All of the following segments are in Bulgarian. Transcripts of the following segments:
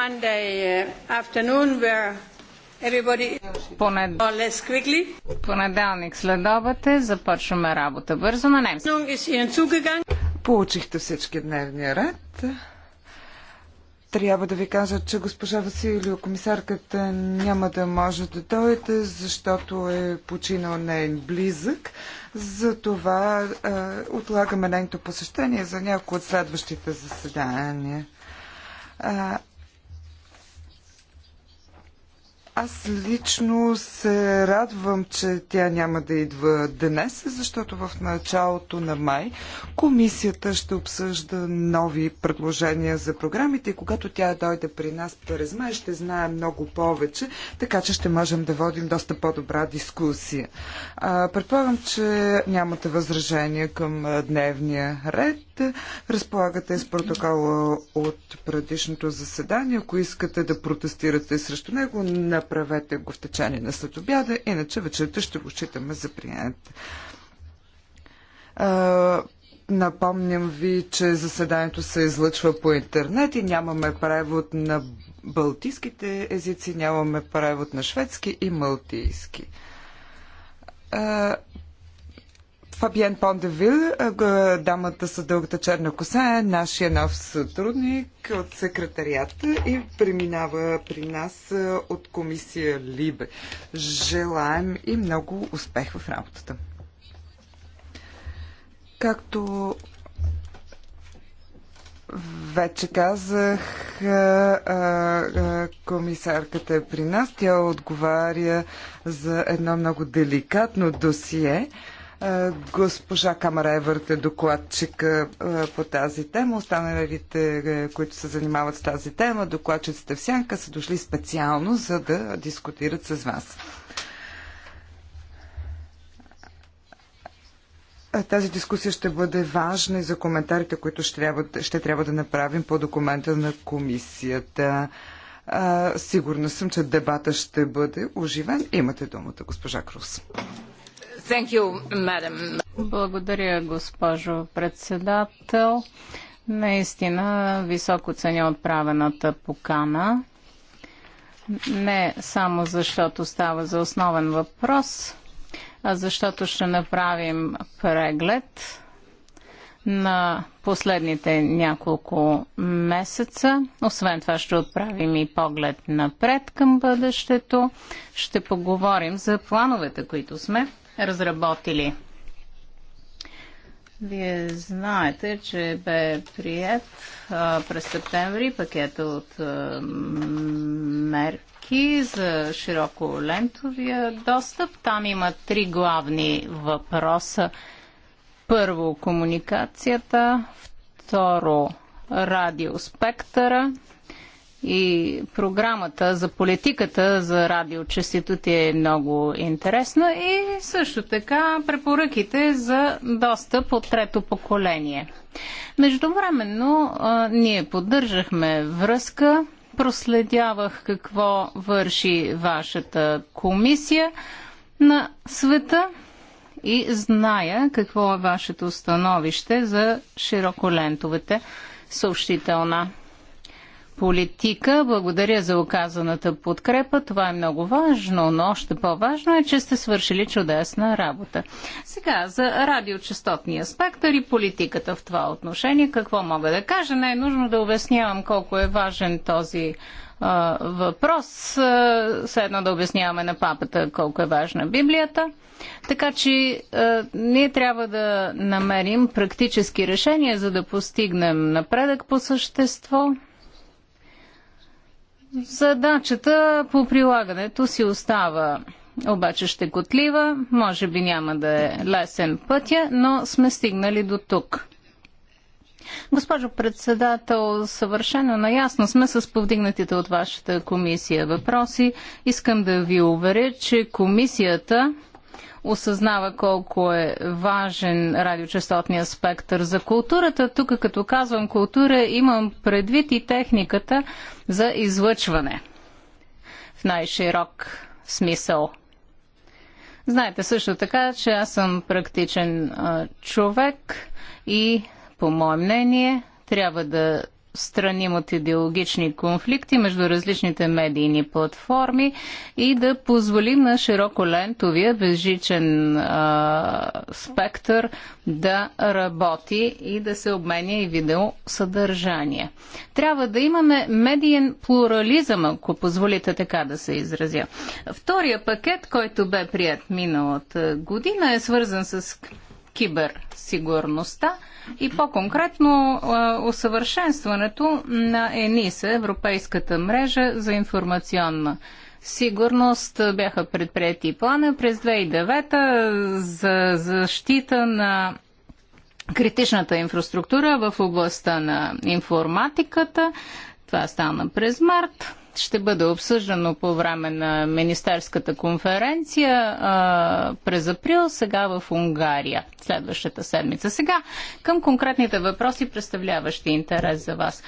Monday uh, Понеделник следобед е, започваме работа бързо на немски. Получихте всички дневния ред. Трябва да ви кажа, че госпожа Василио, комисарката, няма да може да дойде, защото е починал нейн близък. Затова е, отлагаме нейното посещение за някои от следващите заседания. Е, аз лично се радвам, че тя няма да идва днес, защото в началото на май комисията ще обсъжда нови предложения за програмите и когато тя дойде при нас през май, ще знае много повече, така че ще можем да водим доста по-добра дискусия. предполагам, че нямате възражения към дневния ред. Разполагате с протокола от предишното заседание. Ако искате да протестирате срещу него, направете го в течение на следобяда, иначе вечерта ще го считаме за прият. Напомням ви, че заседанието се излъчва по интернет и нямаме превод на балтийските езици, нямаме превод на шведски и малтийски. Фабиен Пондевил, дамата с дългата черна коса, е нашия нов сътрудник от секретарията и преминава при нас от комисия Либе. Желаем и много успех в работата. Както вече казах, комисарката е при нас. Тя отговаря за едно много деликатно досие – е, госпожа Камара Еверт е докладчик е, по тази тема. Останалите, е, които се занимават с тази тема, докладчиците в Сянка, са дошли специално, за да дискутират с вас. Тази дискусия ще бъде важна и за коментарите, които ще трябва, ще трябва да направим по документа на комисията. А, сигурна съм, че дебата ще бъде оживен. Имате думата, госпожа Крус. Благодаря, госпожо председател. Наистина високо ценя отправената покана. Не само защото става за основен въпрос, а защото ще направим преглед на последните няколко месеца. Освен това ще отправим и поглед напред към бъдещето. Ще поговорим за плановете, които сме разработили. Вие знаете, че бе прият а, през септември пакет от а, мерки за широко лентовия достъп. Там има три главни въпроса. Първо, комуникацията. Второ, радиоспектъра и програмата за политиката за ти е много интересна и също така препоръките за достъп от трето поколение. Междувременно ние поддържахме връзка, проследявах какво върши вашата комисия на света и зная какво е вашето становище за широколентовете съобщителна политика. Благодаря за оказаната подкрепа. Това е много важно, но още по-важно е, че сте свършили чудесна работа. Сега, за радиочастотния спектър и политиката в това отношение, какво мога да кажа? Не е нужно да обяснявам колко е важен този а, въпрос. Съедно да обясняваме на папата колко е важна Библията. Така че а, ние трябва да намерим практически решения, за да постигнем напредък по същество. Задачата по прилагането си остава обаче щекотлива, може би няма да е лесен пътя, но сме стигнали до тук. Госпожо председател, съвършено наясно сме с повдигнатите от вашата комисия въпроси. Искам да ви уверя, че комисията осъзнава колко е важен радиочастотния спектър за културата. Тук, като казвам култура, имам предвид и техниката за излъчване в най-широк смисъл. Знаете също така, че аз съм практичен а, човек и, по мое мнение, трябва да отстраним от идеологични конфликти между различните медийни платформи и да позволим на лентовия безжичен а, спектър да работи и да се обменя и видеосъдържание. Трябва да имаме медиен плурализъм, ако позволите така да се изразя. Втория пакет, който бе прият миналата година, е свързан с киберсигурността и по-конкретно усъвършенстването на ЕНИСА, Европейската мрежа за информационна сигурност бяха предприяти плана през 2009 за защита на критичната инфраструктура в областта на информатиката. Това стана през март ще бъде обсъждано по време на министерската конференция а, през април, сега в Унгария, следващата седмица. Сега към конкретните въпроси, представляващи интерес за вас.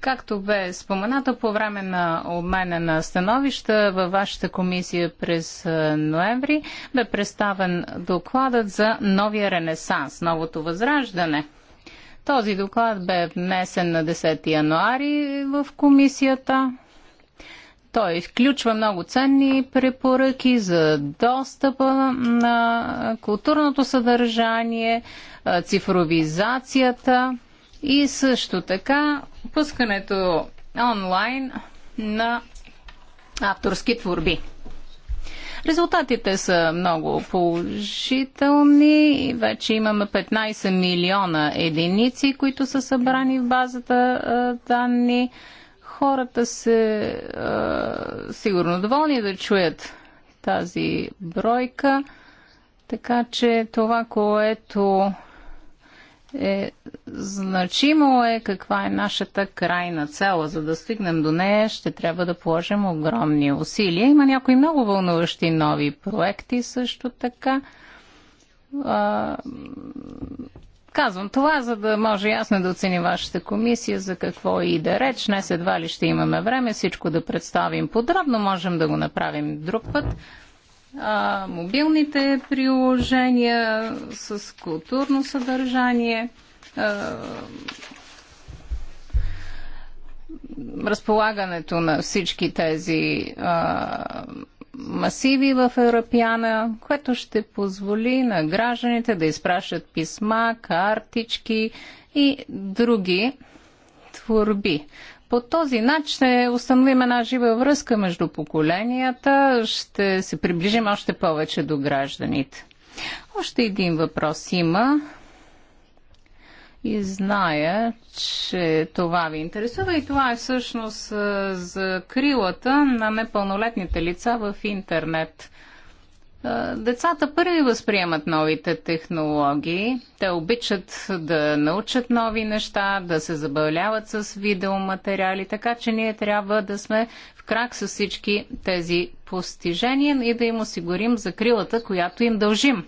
Както бе споменато по време на обмена на становища във вашата комисия през ноември, бе представен докладът за новия ренесанс, новото възраждане. Този доклад бе внесен на 10 януари в комисията той включва много ценни препоръки за достъпа на културното съдържание, цифровизацията и също така пускането онлайн на авторски творби. Резултатите са много положителни. Вече имаме 15 милиона единици, които са събрани в базата данни хората се а, сигурно доволни да чуят тази бройка. Така че това, което е значимо е каква е нашата крайна цел. За да стигнем до нея, ще трябва да положим огромни усилия. Има някои много вълнуващи нови проекти също така. А, Казвам това, за да може ясно да оцени вашата комисия за какво и да реч. Днес едва ли ще имаме време всичко да представим подробно. Можем да го направим друг път. А, мобилните приложения с културно съдържание. А, разполагането на всички тези а, масиви в Европяна, което ще позволи на гражданите да изпращат писма, картички и други творби. По този начин ще установим една жива връзка между поколенията, ще се приближим още повече до гражданите. Още един въпрос има и зная, че това ви интересува и това е всъщност за крилата на непълнолетните лица в интернет. Децата първи възприемат новите технологии. Те обичат да научат нови неща, да се забавляват с видеоматериали, така че ние трябва да сме в крак с всички тези постижения и да им осигурим закрилата, която им дължим.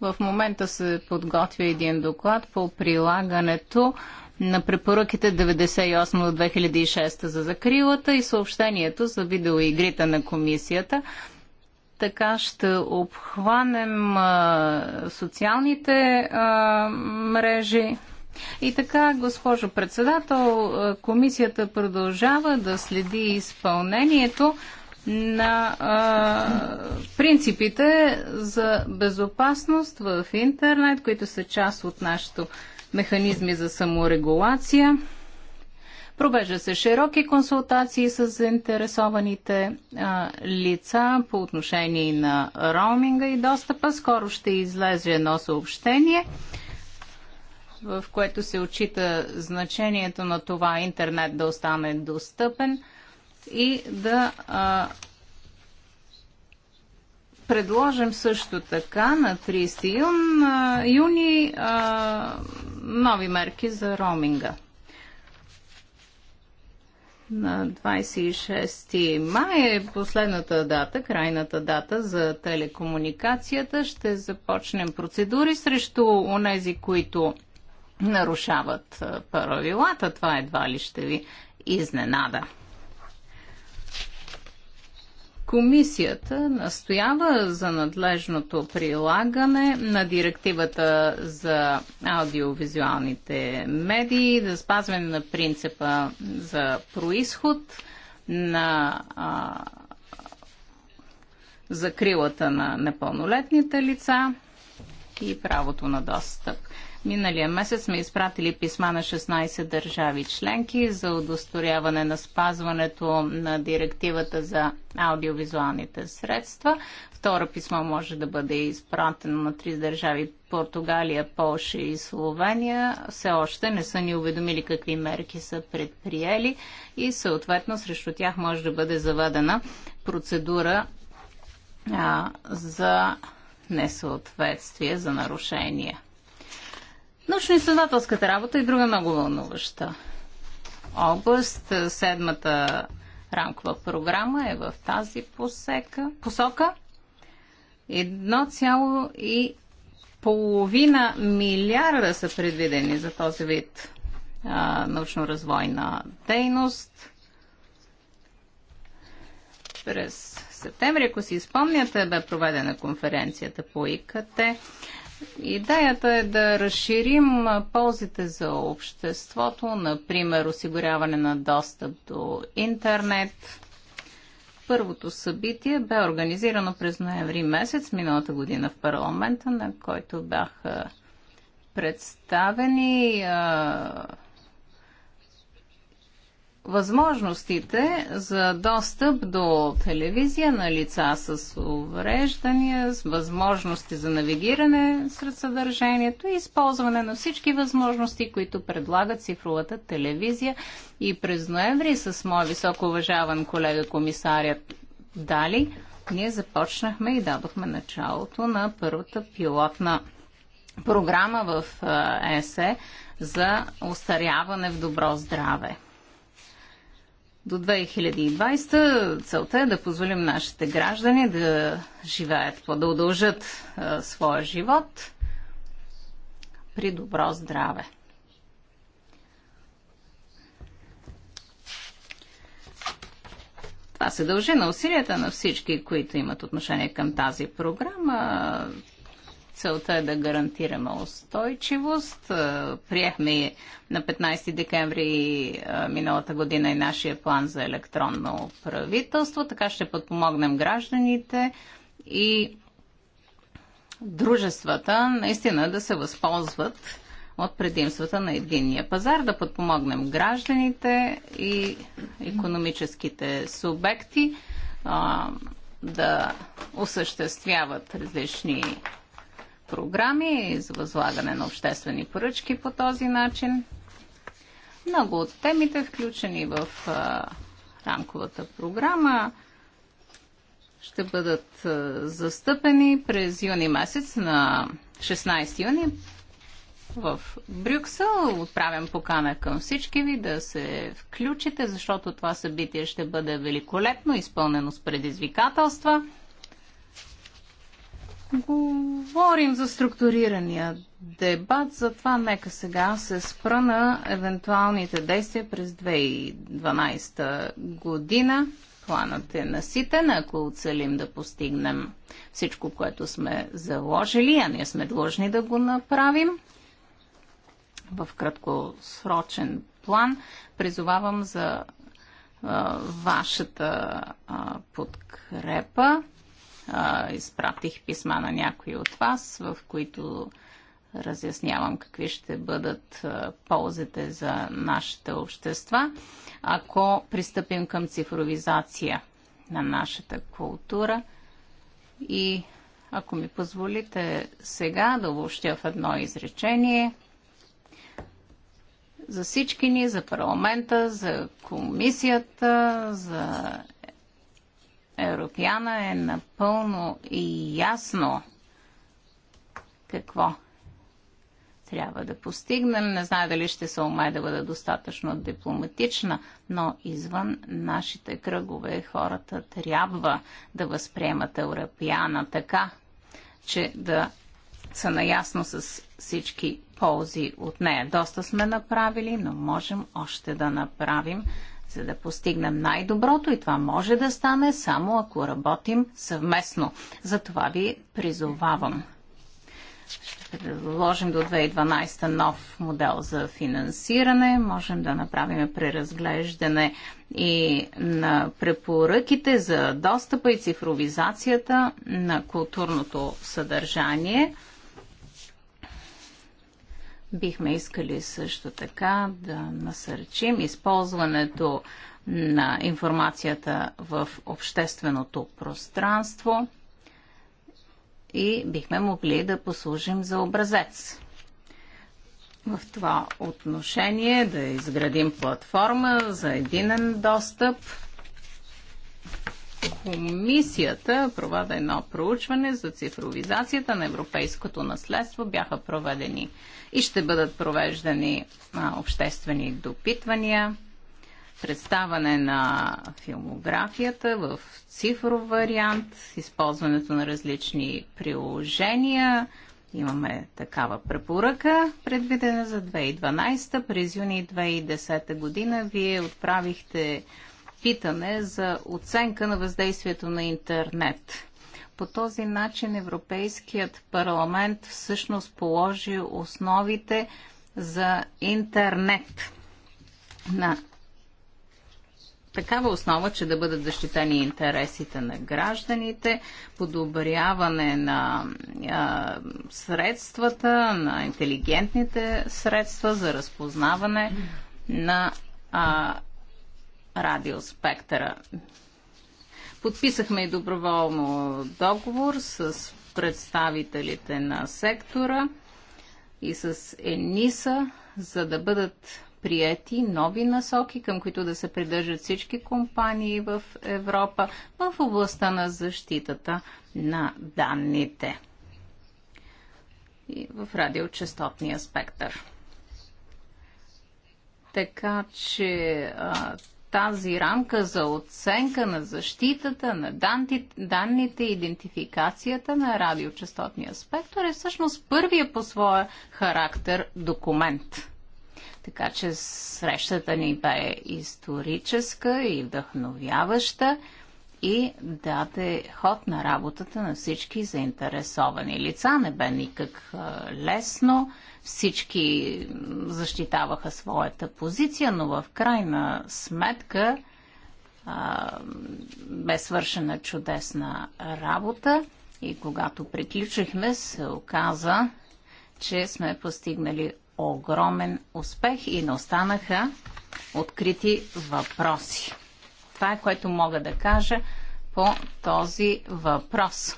В момента се подготвя един доклад по прилагането на препоръките 98 от 2006 за закрилата и съобщението за видеоигрите на комисията. Така ще обхванем а, социалните а, мрежи, и така, госпожо председател, комисията продължава да следи изпълнението на а, принципите за безопасност в интернет, които са част от нашото механизми за саморегулация. Провежда се широки консултации с заинтересованите а, лица по отношение на роуминга и достъпа. Скоро ще излезе едно съобщение, в което се очита значението на това интернет да остане достъпен – и да а, предложим също така на 30 юн, а, юни а, нови мерки за роуминга. На 26 май е последната дата, крайната дата за телекомуникацията. Ще започнем процедури срещу онези, които нарушават правилата. Това едва ли ще ви изненада. Комисията настоява за надлежното прилагане на директивата за аудиовизуалните медии, за спазване на принципа за происход на закрилата на непълнолетните лица и правото на достъп. Миналия месец сме изпратили писма на 16 държави членки за удосторяване на спазването на директивата за аудиовизуалните средства. Второ писмо може да бъде изпратено на три държави Португалия, Полша и Словения. Все още не са ни уведомили какви мерки са предприели и съответно срещу тях може да бъде заведена процедура а, за несъответствие, за нарушения. Научно-изследователската работа и друга много вълнуваща област. Е, седмата рамкова програма е в тази посека, посока. 1,5 милиарда са предвидени за този вид научно-развойна дейност. През септември, ако си спомняте, бе проведена конференцията по ИКТ. Идеята е да разширим ползите за обществото, например осигуряване на достъп до интернет. Първото събитие бе организирано през ноември месец миналата година в парламента, на който бяха представени а, възможностите за достъп до телевизия на лица с увреждания, с възможности за навигиране сред съдържанието и използване на всички възможности, които предлага цифровата телевизия. И през ноември с мой високо уважаван колега комисарят Дали, ние започнахме и дадохме началото на първата пилотна програма в ЕСЕ за устаряване в добро здраве. До 2020 целта е да позволим нашите граждани да живеят, да удължат а, своя живот при добро здраве. Това се дължи на усилията на всички, които имат отношение към тази програма. Целта е да гарантираме устойчивост. Е, приехме на 15 декември е, миналата година и нашия план за електронно правителство. Така ще подпомогнем гражданите и дружествата наистина да се възползват от предимствата на единния пазар, да подпомогнем гражданите и економическите субекти да осъществяват различни програми за възлагане на обществени поръчки по този начин. Много от темите, включени в а, рамковата програма, ще бъдат а, застъпени през юни месец на 16 юни в Брюксел. Отправям покана към всички ви да се включите, защото това събитие ще бъде великолепно, изпълнено с предизвикателства. Говорим за структурирания дебат, затова нека сега се спра на евентуалните действия през 2012 година. Планът е наситен, ако оцелим да постигнем всичко, което сме заложили, а ние сме длъжни да го направим. В краткосрочен план призовавам за а, вашата а, подкрепа а, изпратих писма на някои от вас, в които разяснявам какви ще бъдат ползите за нашите общества, ако пристъпим към цифровизация на нашата култура. И ако ми позволите сега да обобщя в едно изречение, за всички ни, за парламента, за комисията, за Европяна е напълно и ясно какво трябва да постигнем. Не знае дали ще се умее да бъде достатъчно дипломатична, но извън нашите кръгове хората трябва да възприемат Европяна така, че да са наясно с всички ползи от нея. Доста сме направили, но можем още да направим, за да постигнем най-доброто и това може да стане само ако работим съвместно. За това ви призовавам. Ще предложим до 2012 нов модел за финансиране. Можем да направим преразглеждане и на препоръките за достъпа и цифровизацията на културното съдържание – Бихме искали също така да насърчим използването на информацията в общественото пространство и бихме могли да послужим за образец. В това отношение да изградим платформа за единен достъп Комисията проведе едно проучване за цифровизацията на европейското наследство. Бяха проведени и ще бъдат провеждани а, обществени допитвания, представане на филмографията в цифров вариант, използването на различни приложения. Имаме такава препоръка, предвидена за 2012. През юни 2010 година вие отправихте питане за оценка на въздействието на интернет. По този начин Европейският парламент всъщност положи основите за интернет на такава основа, че да бъдат защитени интересите на гражданите, подобряване на а, средствата, на интелигентните средства за разпознаване на а, радиоспектъра. Подписахме и доброволно договор с представителите на сектора и с ЕНИСА, за да бъдат прияти нови насоки, към които да се придържат всички компании в Европа в областта на защитата на данните и в радиочастотния спектър. Така че а, тази рамка за оценка на защитата, на данните, идентификацията на радиочастотния спектър е всъщност първия по своя характер документ. Така че срещата ни бе историческа и вдъхновяваща и даде ход на работата на всички заинтересовани лица. Не бе никак лесно. Всички защитаваха своята позиция, но в крайна сметка а, бе свършена чудесна работа и когато приключихме, се оказа, че сме постигнали огромен успех и не останаха открити въпроси. Това е което мога да кажа по този въпрос.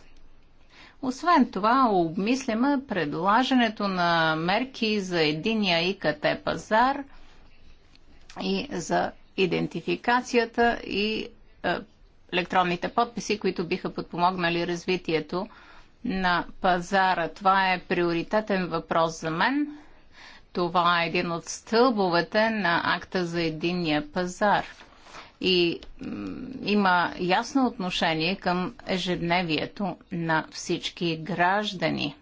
Освен това, обмисляме предложенето на мерки за единия ИКТ пазар и за идентификацията и е, електронните подписи, които биха подпомогнали развитието на пазара. Това е приоритетен въпрос за мен. Това е един от стълбовете на акта за единния пазар и има ясно отношение към ежедневието на всички граждани.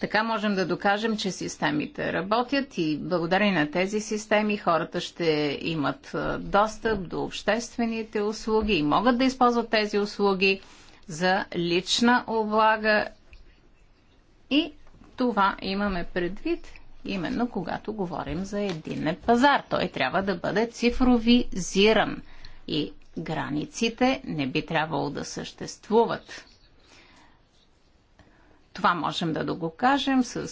Така можем да докажем, че системите работят и благодарение на тези системи хората ще имат достъп до обществените услуги и могат да използват тези услуги за лична облага и това имаме предвид Именно когато говорим за единен пазар, той трябва да бъде цифровизиран и границите не би трябвало да съществуват. Това можем да го кажем с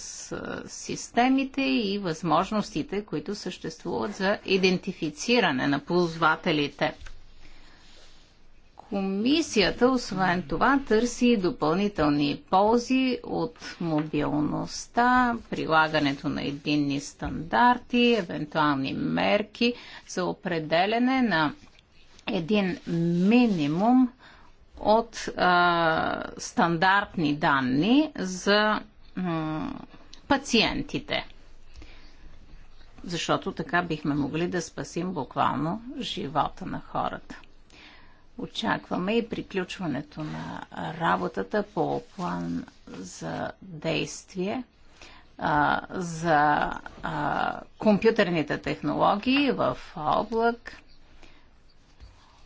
системите и възможностите, които съществуват за идентифициране на ползвателите. Комисията, освен това, търси допълнителни ползи от мобилността, прилагането на единни стандарти, евентуални мерки за определене на един минимум от а, стандартни данни за пациентите. Защото така бихме могли да спасим буквално живота на хората. Очакваме и приключването на работата по план за действие а, за а, компютърните технологии в облак.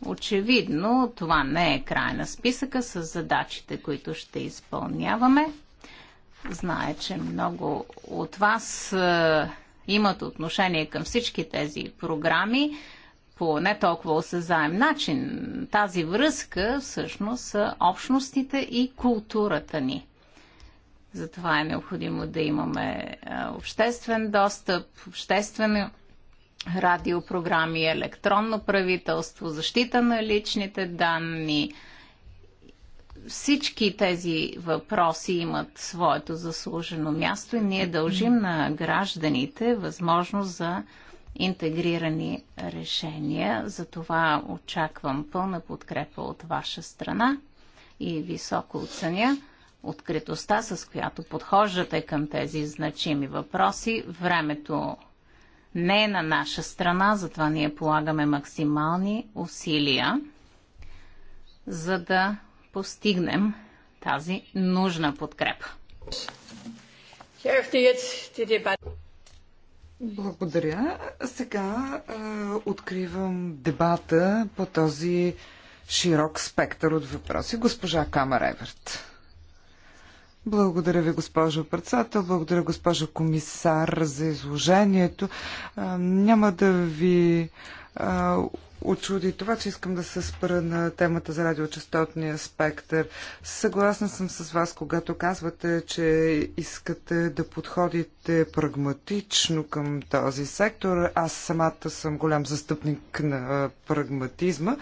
Очевидно, това не е край на списъка с задачите, които ще изпълняваме. Знае, че много от вас а, имат отношение към всички тези програми по не толкова осезаем начин. Тази връзка всъщност са общностите и културата ни. Затова е необходимо да имаме обществен достъп, обществени радиопрограми, електронно правителство, защита на личните данни. Всички тези въпроси имат своето заслужено място и ние дължим на гражданите възможност за интегрирани решения. Затова очаквам пълна подкрепа от ваша страна и високо оценя откритостта, с която подхождате към тези значими въпроси. Времето не е на наша страна, затова ние полагаме максимални усилия, за да постигнем тази нужна подкрепа. Благодаря. Сега е, откривам дебата по този широк спектър от въпроси. Госпожа Камер Еверт. Благодаря ви, госпожо председател. Благодаря, госпожо комисар, за изложението. Е, няма да ви е, очуди това, че искам да се спра на темата за радиочастотния спектър. Съгласна съм с вас, когато казвате, че искате да подходите прагматично към този сектор. Аз самата съм голям застъпник на прагматизма.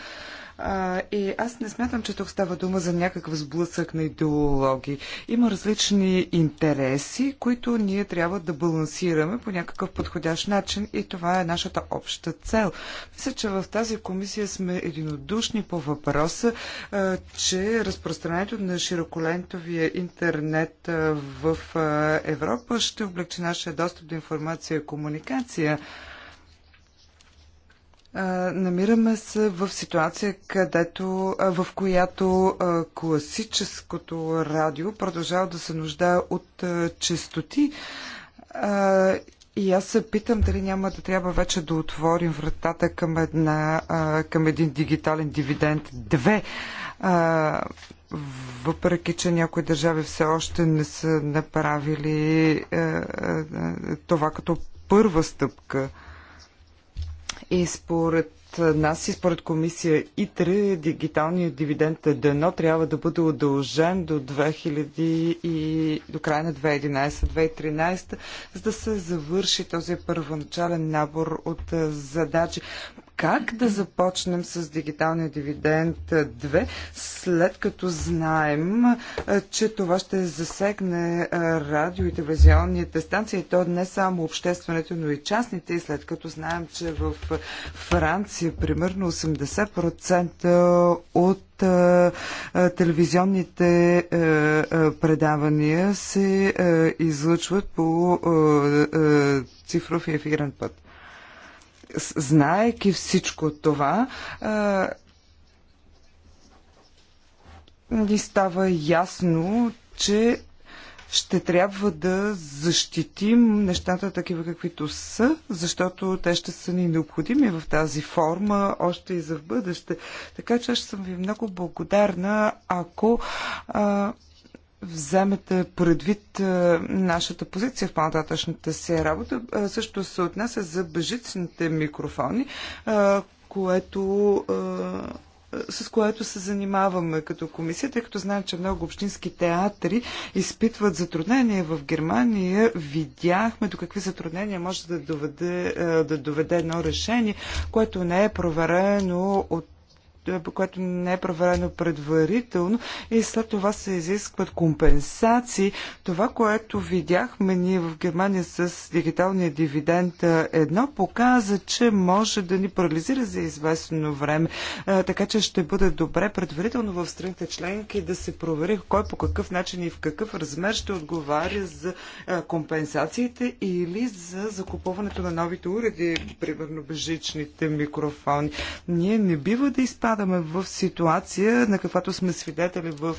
А, и аз не смятам, че тук става дума за някакъв сблъсък на идеологии. Има различни интереси, които ние трябва да балансираме по някакъв подходящ начин и това е нашата обща цел. Мисля, че в тази комисия сме единодушни по въпроса, а, че разпространението на широколентовия интернет а, в а, Европа ще облегчи нашия достъп до информация и комуникация намираме се в ситуация, където, в която класическото радио продължава да се нуждае от честоти. И аз се питам дали няма да трябва вече да отворим вратата към, една, към един дигитален дивиденд 2. Въпреки, че някои държави все още не са направили това като първа стъпка. И според нас и според комисия ИТРЕ дигиталният дивиденд е дено трябва да бъде удължен до 2000 и до края на 2011-2013, за да се завърши този първоначален набор от задачи как да започнем с дигиталния дивиденд 2, след като знаем, че това ще засегне радио и телевизионните станции, то не само обществените, но и частните, и след като знаем, че в Франция примерно 80% от телевизионните предавания се излъчват по цифров и ефирен път знаеки всичко това, ни нали, става ясно, че ще трябва да защитим нещата такива каквито са, защото те ще са ни необходими в тази форма още и за в бъдеще. Така че аз съм ви много благодарна, ако а, вземете предвид е, нашата позиция в по-нататъчната си работа. Е, също се отнася за бежичните микрофони, е, което с което се занимаваме като комисия, тъй като знаем, че много общински театри изпитват затруднения в Германия. Видяхме до какви затруднения може да доведе, да доведе едно решение, което не е проверено от което не е проверено предварително и след това се изискват компенсации. Това, което видяхме ние в Германия с дигиталния дивиденд едно, показа, че може да ни парализира за известно време. Така че ще бъде добре предварително в страните членки да се провери кой по какъв начин и в какъв размер ще отговаря за компенсациите или за закупуването на новите уреди, примерно бежичните микрофони. Ние не бива да изпадаме изпадаме в ситуация, на каквато сме свидетели в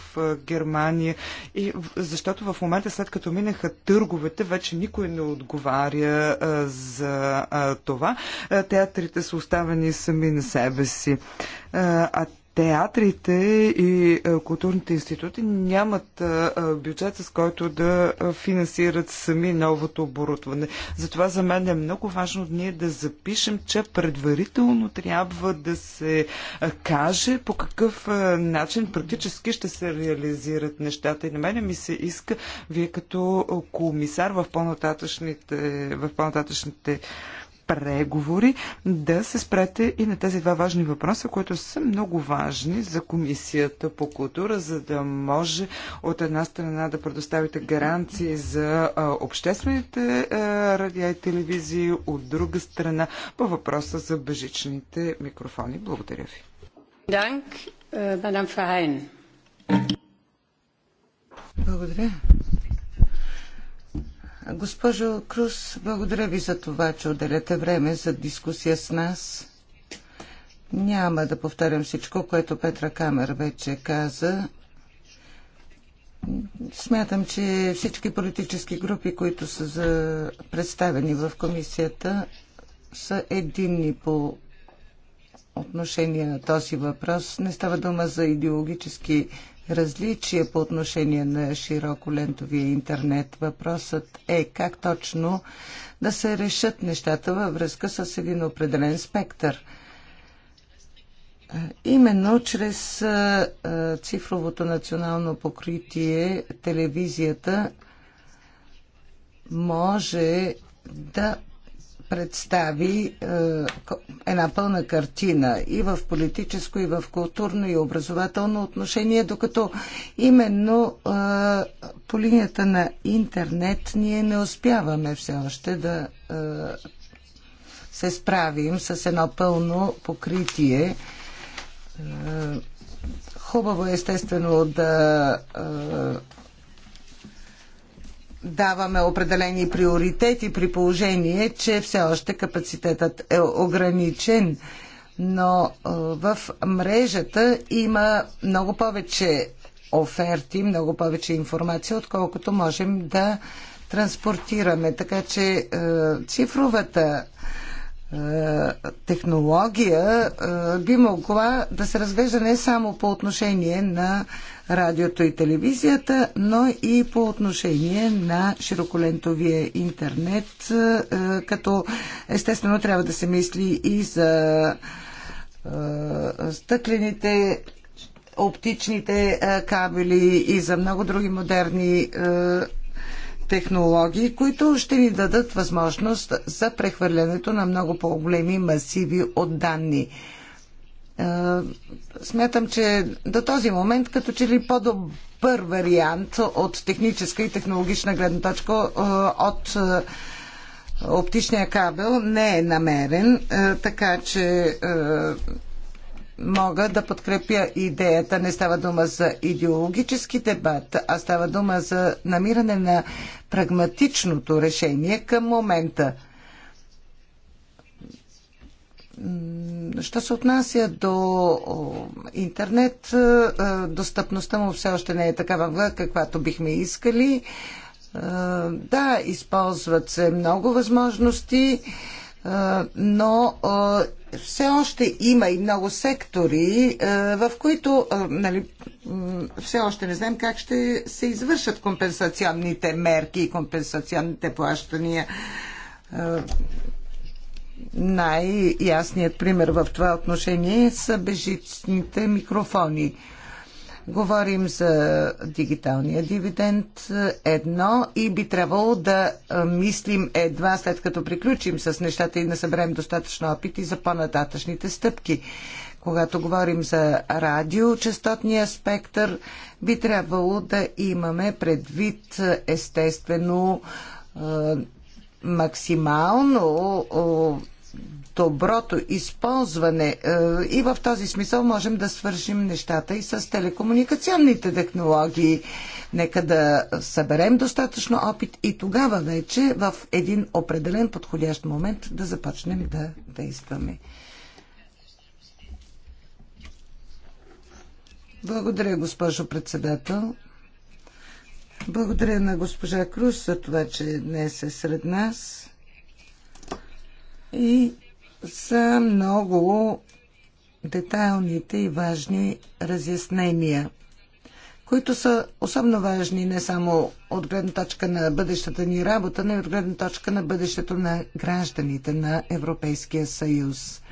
Германия. И, защото в момента, след като минаха търговете, вече никой не отговаря за това. Театрите са оставени сами на себе си. а театрите и е, културните институти нямат е, е, бюджет, с който да финансират сами новото оборудване. Затова за мен е много важно ние да запишем, че предварително трябва да се каже по какъв начин практически ще се реализират нещата. И на мене ми се иска вие като комисар в по-нататъчните, в по-нататъчните преговори да се спрете и на тези два важни въпроса, които са много важни за Комисията по култура, за да може от една страна да предоставите гаранции за обществените радиа и телевизии, от друга страна по въпроса за бежичните микрофони. Благодаря ви. Э, Благодаря. Госпожо Крус, благодаря ви за това, че отделяте време за дискусия с нас. Няма да повтарям всичко, което Петра Камер вече каза. Смятам, че всички политически групи, които са за... представени в комисията, са единни по отношение на този въпрос. Не става дума за идеологически различия по отношение на широколентовия интернет. Въпросът е как точно да се решат нещата във връзка с един определен спектър. Именно чрез цифровото национално покритие телевизията може да представи е, една пълна картина и в политическо, и в културно, и образователно отношение, докато именно е, по линията на интернет ние не успяваме все още да е, се справим с едно пълно покритие. Хубаво е естествено да даваме определени приоритети при положение, че все още капацитетът е ограничен. Но в мрежата има много повече оферти, много повече информация, отколкото можем да транспортираме. Така че цифровата е, технология е, би могла да се разглежда не само по отношение на радиото и телевизията, но и по отношение на широколентовия интернет, е, като естествено трябва да се мисли и за стъклените оптичните кабели и за много други модерни технологии, които ще ни дадат възможност за прехвърлянето на много по-големи масиви от данни. Е, смятам, че до този момент като че ли по-добър вариант от техническа и технологична гледна точка е, от е, оптичния кабел не е намерен, така че мога да подкрепя идеята. Не става дума за идеологически дебат, а става дума за намиране на прагматичното решение към момента. Що се отнася до интернет, е, достъпността му все още не е такава, каквато бихме искали. Е, да, използват се много възможности, е, но все още има и много сектори, е, в които е, нали, все още не знаем как ще се извършат компенсационните мерки и компенсационните плащания. Е, най-ясният пример в това отношение са бежичните микрофони – Говорим за дигиталния дивиденд е, едно и би трябвало да е, мислим едва след като приключим с нещата и да съберем достатъчно опит и за по-нататъчните стъпки. Когато говорим за радиочастотния спектър, би трябвало да имаме предвид е, естествено максимално доброто използване. Е, и в този смисъл можем да свършим нещата и с телекомуникационните технологии. Нека да съберем достатъчно опит и тогава вече в един определен подходящ момент да започнем да действаме. Благодаря, госпожо председател. Благодаря на госпожа Круз за това, че днес е сред нас. И са много детайлните и важни разяснения, които са особено важни не само от гледна точка на бъдещата ни работа, но и от гледна точка на бъдещето на гражданите на Европейския съюз.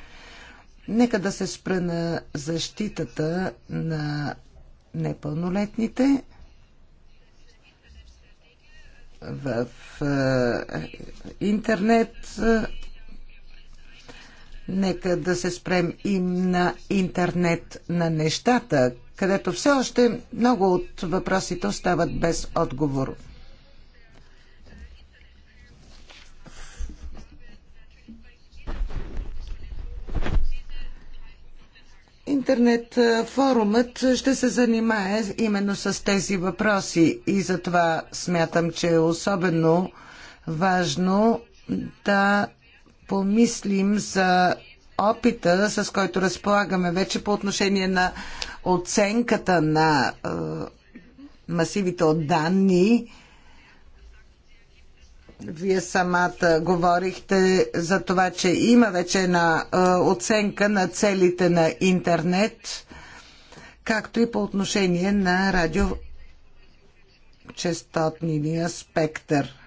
Нека да се спра на защитата на непълнолетните в е, интернет Нека да се спрем и на интернет на нещата, където все още много от въпросите остават без отговор. Интернет форумът ще се занимае именно с тези въпроси и затова смятам, че е особено важно да помислим за опита, с който разполагаме вече по отношение на оценката на е, масивите от данни. Вие самата говорихте за това, че има вече една е, оценка на целите на интернет, както и по отношение на радиочастотния спектър.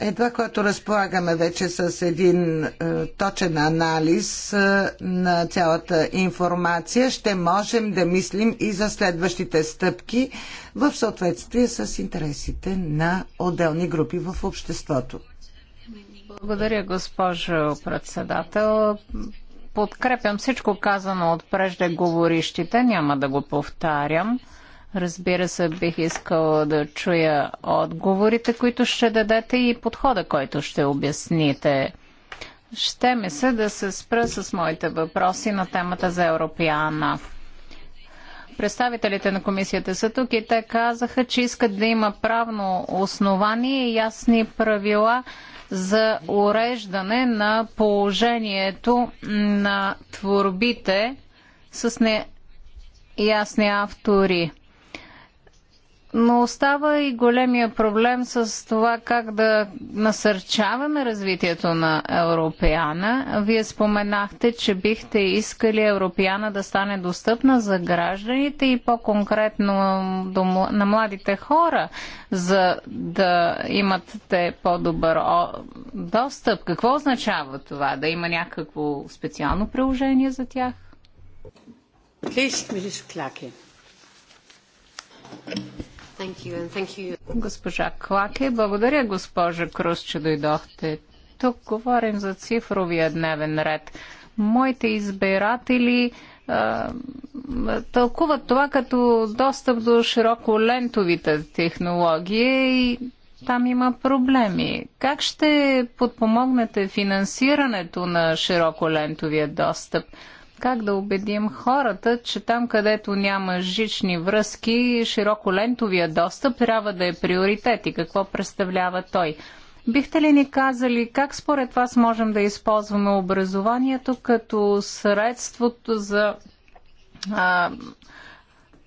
Едва когато разполагаме вече с един е, точен анализ е, на цялата информация, ще можем да мислим и за следващите стъпки в съответствие с интересите на отделни групи в обществото. Благодаря, госпожо председател. Подкрепям всичко казано от преждеговорищите, няма да го повтарям. Разбира се, бих искала да чуя отговорите, които ще дадете и подхода, който ще обясните. Ще ми се да се спра с моите въпроси на темата за Европеана. Представителите на комисията са тук и те казаха, че искат да има правно основание и ясни правила за уреждане на положението на творбите с неясни автори. Но остава и големия проблем с това как да насърчаваме развитието на Европеяна. Вие споменахте, че бихте искали Европеяна да стане достъпна за гражданите и по-конкретно на младите хора, за да имат те по-добър достъп. Какво означава това? Да има някакво специално приложение за тях? Please, Mrs. Thank you, thank you. Госпожа Клаке, благодаря госпожа Крус, че дойдохте. Тук говорим за цифровия дневен ред. Моите избиратели тълкуват това като достъп до широко лентовите технологии и там има проблеми. Как ще подпомогнете финансирането на широко лентовия достъп? как да убедим хората, че там, където няма жични връзки, широколентовия достъп трябва да е приоритет и какво представлява той? Бихте ли ни казали как според вас можем да използваме образованието като средството за а,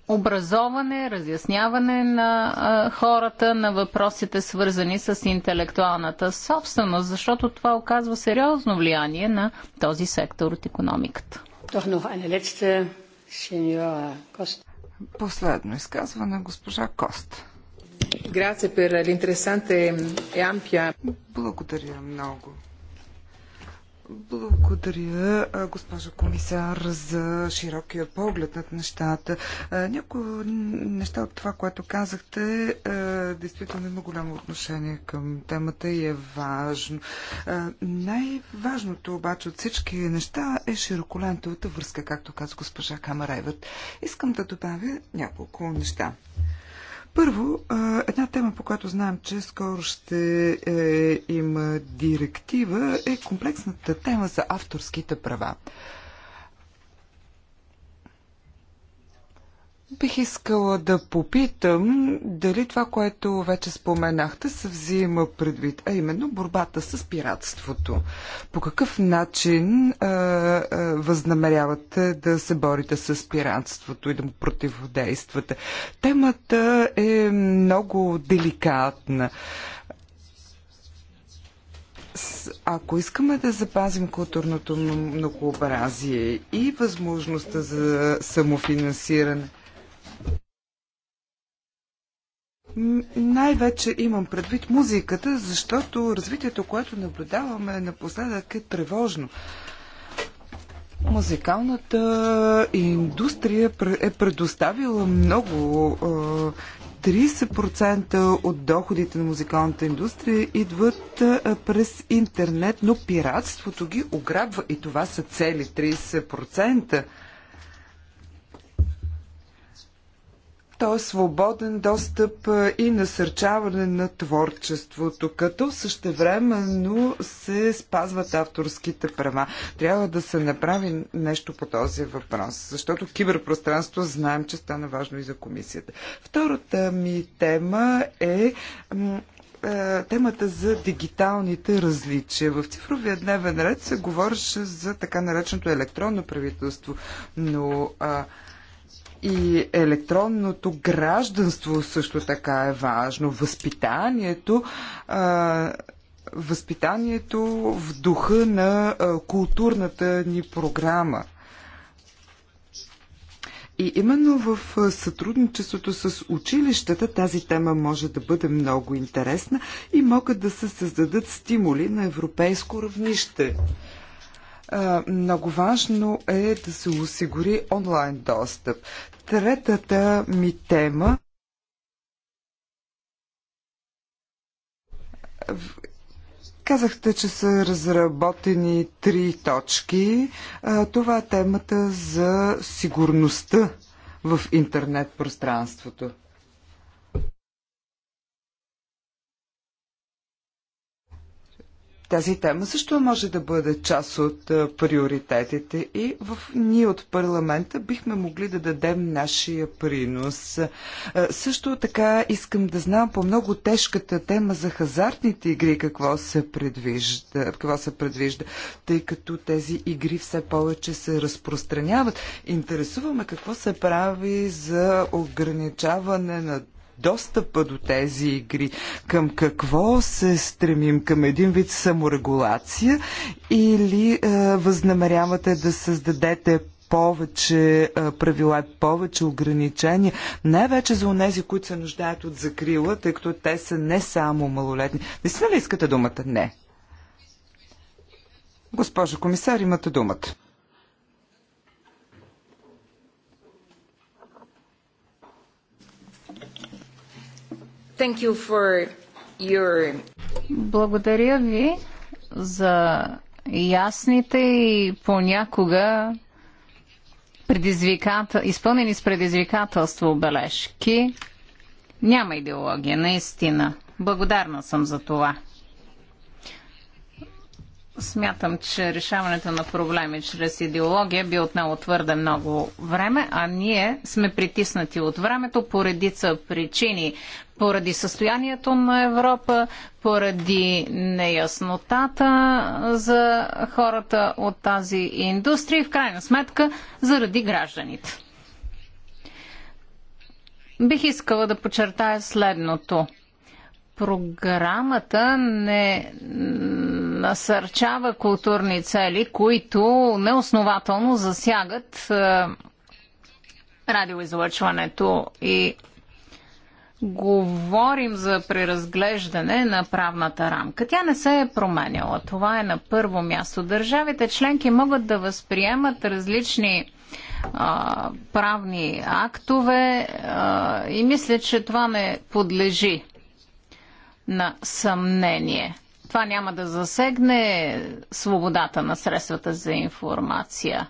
образоване, разясняване на а, хората на въпросите, свързани с интелектуалната собственост, защото това оказва сериозно влияние на този сектор от економиката. Последно изказване, госпожа Кост. E Благодаря много благодаря, госпожо комисар, за широкия поглед над нещата. Някои неща от това, което казахте, действително има голямо отношение към темата и е важно. Най-важното обаче от всички неща е широколентовата връзка, както каза госпожа Камарайват. Искам да добавя няколко неща. Първо, една тема, по която знаем, че скоро ще е, има директива, е комплексната тема за авторските права. Бих искала да попитам дали това, което вече споменахте, се взима предвид, а именно борбата с пиратството. По какъв начин а, а, възнамерявате да се борите с пиратството и да му противодействате? Темата е много деликатна ако искаме да запазим културното многообразие и възможността за самофинансиране, Най-вече имам предвид музиката, защото развитието, което наблюдаваме напоследък е тревожно. Музикалната индустрия е предоставила много 30% от доходите на музикалната индустрия идват през интернет, но пиратството ги ограбва и това са цели 30%. е свободен достъп и насърчаване на творчеството, като същевременно се спазват авторските права. Трябва да се направи нещо по този въпрос, защото киберпространство знаем, че стана важно и за комисията. Втората ми тема е темата за дигиталните различия. В цифровия дневен ред се говореше за така нареченото електронно правителство, но а, и електронното гражданство също така е важно. Възпитанието възпитанието в духа на културната ни програма. И именно в сътрудничеството с училищата тази тема може да бъде много интересна и могат да се създадат стимули на европейско равнище много важно е да се осигури онлайн достъп. Третата ми тема Казахте, че са разработени три точки. Това е темата за сигурността в интернет пространството. Тази тема също може да бъде част от приоритетите и в ние от парламента бихме могли да дадем нашия принос. също така искам да знам по много тежката тема за хазартните игри какво се предвижда, какво се предвижда тъй като тези игри все повече се разпространяват. Интересуваме какво се прави за ограничаване на достъпа до тези игри, към какво се стремим, към един вид саморегулация или е, възнамерявате да създадете повече е, правила, повече ограничения, най-вече за онези, които се нуждаят от закрила, тъй като те са не само малолетни. Наистина ли искате думата? Не. Госпожо комисар, имате думата. Thank you for your... Благодаря ви за ясните и понякога предизвикател... изпълнени с предизвикателство бележки. Няма идеология, наистина. Благодарна съм за това. Смятам, че решаването на проблеми чрез идеология би отнело твърде много време, а ние сме притиснати от времето по редица причини поради състоянието на Европа, поради неяснотата за хората от тази индустрия и в крайна сметка заради гражданите. Бих искала да подчертая следното. Програмата не насърчава културни цели, които неоснователно засягат е, радиоизлъчването и говорим за преразглеждане на правната рамка. Тя не се е променяла. Това е на първо място. Държавите членки могат да възприемат различни а, правни актове а, и мисля, че това не подлежи на съмнение. Това няма да засегне свободата на средствата за информация.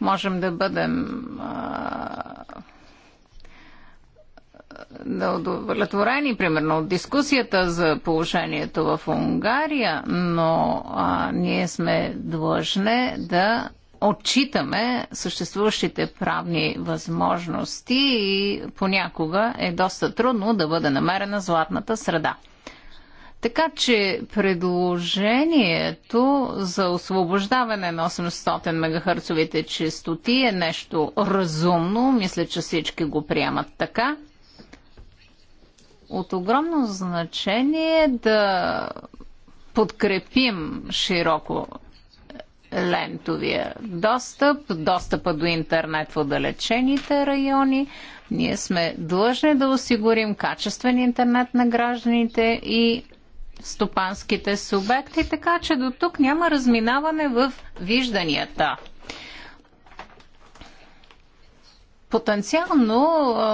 Можем да бъдем а, да удовлетворени, примерно, от дискусията за положението в Унгария, но а, ние сме длъжни да отчитаме съществуващите правни възможности и понякога е доста трудно да бъде намерена златната среда. Така че предложението за освобождаване на 800 мегахърцовите частоти е нещо разумно. Мисля, че всички го приемат така от огромно значение да подкрепим широко лентовия достъп, достъпа до интернет в отдалечените райони. Ние сме длъжни да осигурим качествен интернет на гражданите и стопанските субекти, така че до тук няма разминаване в вижданията. Потенциално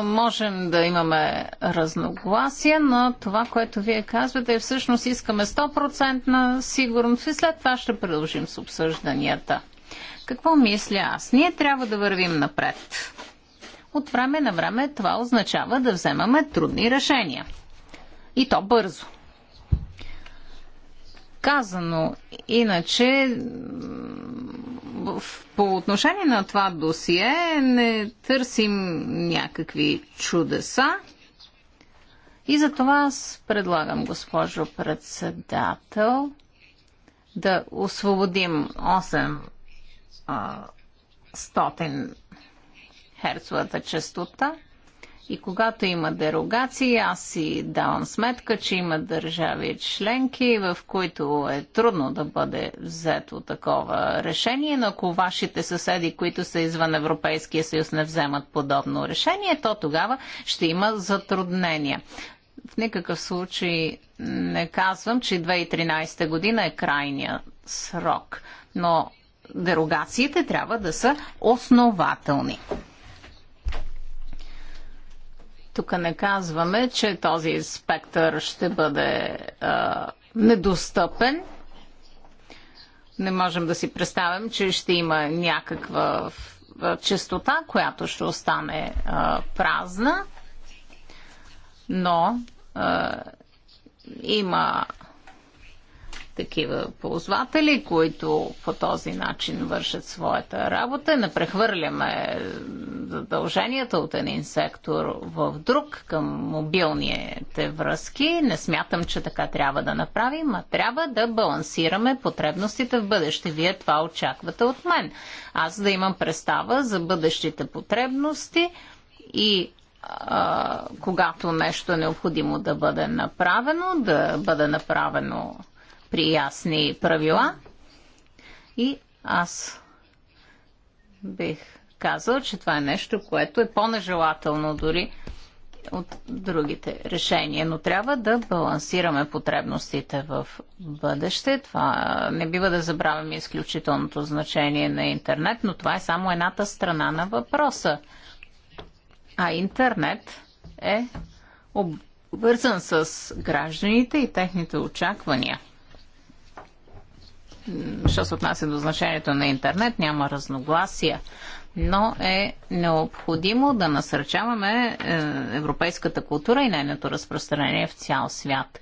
можем да имаме разногласия, но това, което вие казвате, е всъщност искаме 100% на сигурност и след това ще продължим с обсъжданията. Какво мисля аз? Ние трябва да вървим напред. От време на време това означава да вземаме трудни решения. И то бързо. Казано, иначе по отношение на това досие не търсим някакви чудеса. И за това аз предлагам, госпожо председател, да освободим 800 херцовата частота и когато има дерогации, аз си давам сметка, че има държави членки, в които е трудно да бъде взето такова решение, но ако вашите съседи, които са извън Европейския съюз, не вземат подобно решение, то тогава ще има затруднения. В никакъв случай не казвам, че 2013 година е крайния срок, но дерогациите трябва да са основателни. Тук не казваме, че този спектър ще бъде а, недостъпен. Не можем да си представим, че ще има някаква частота, която ще остане а, празна, но а, има такива ползватели, които по този начин вършат своята работа. Не прехвърляме задълженията от един сектор в друг към мобилните връзки. Не смятам, че така трябва да направим, а трябва да балансираме потребностите в бъдеще. Вие това очаквате от мен. Аз да имам представа за бъдещите потребности и когато нещо е необходимо да бъде направено, да бъде направено при ясни правила. И аз бих казал, че това е нещо, което е по-нежелателно дори от другите решения, но трябва да балансираме потребностите в бъдеще. Това не бива да забравяме изключителното значение на интернет, но това е само едната страна на въпроса. А интернет е обвързан с гражданите и техните очаквания що се отнася до значението на интернет, няма разногласия, но е необходимо да насърчаваме е, европейската култура и нейното разпространение в цял свят.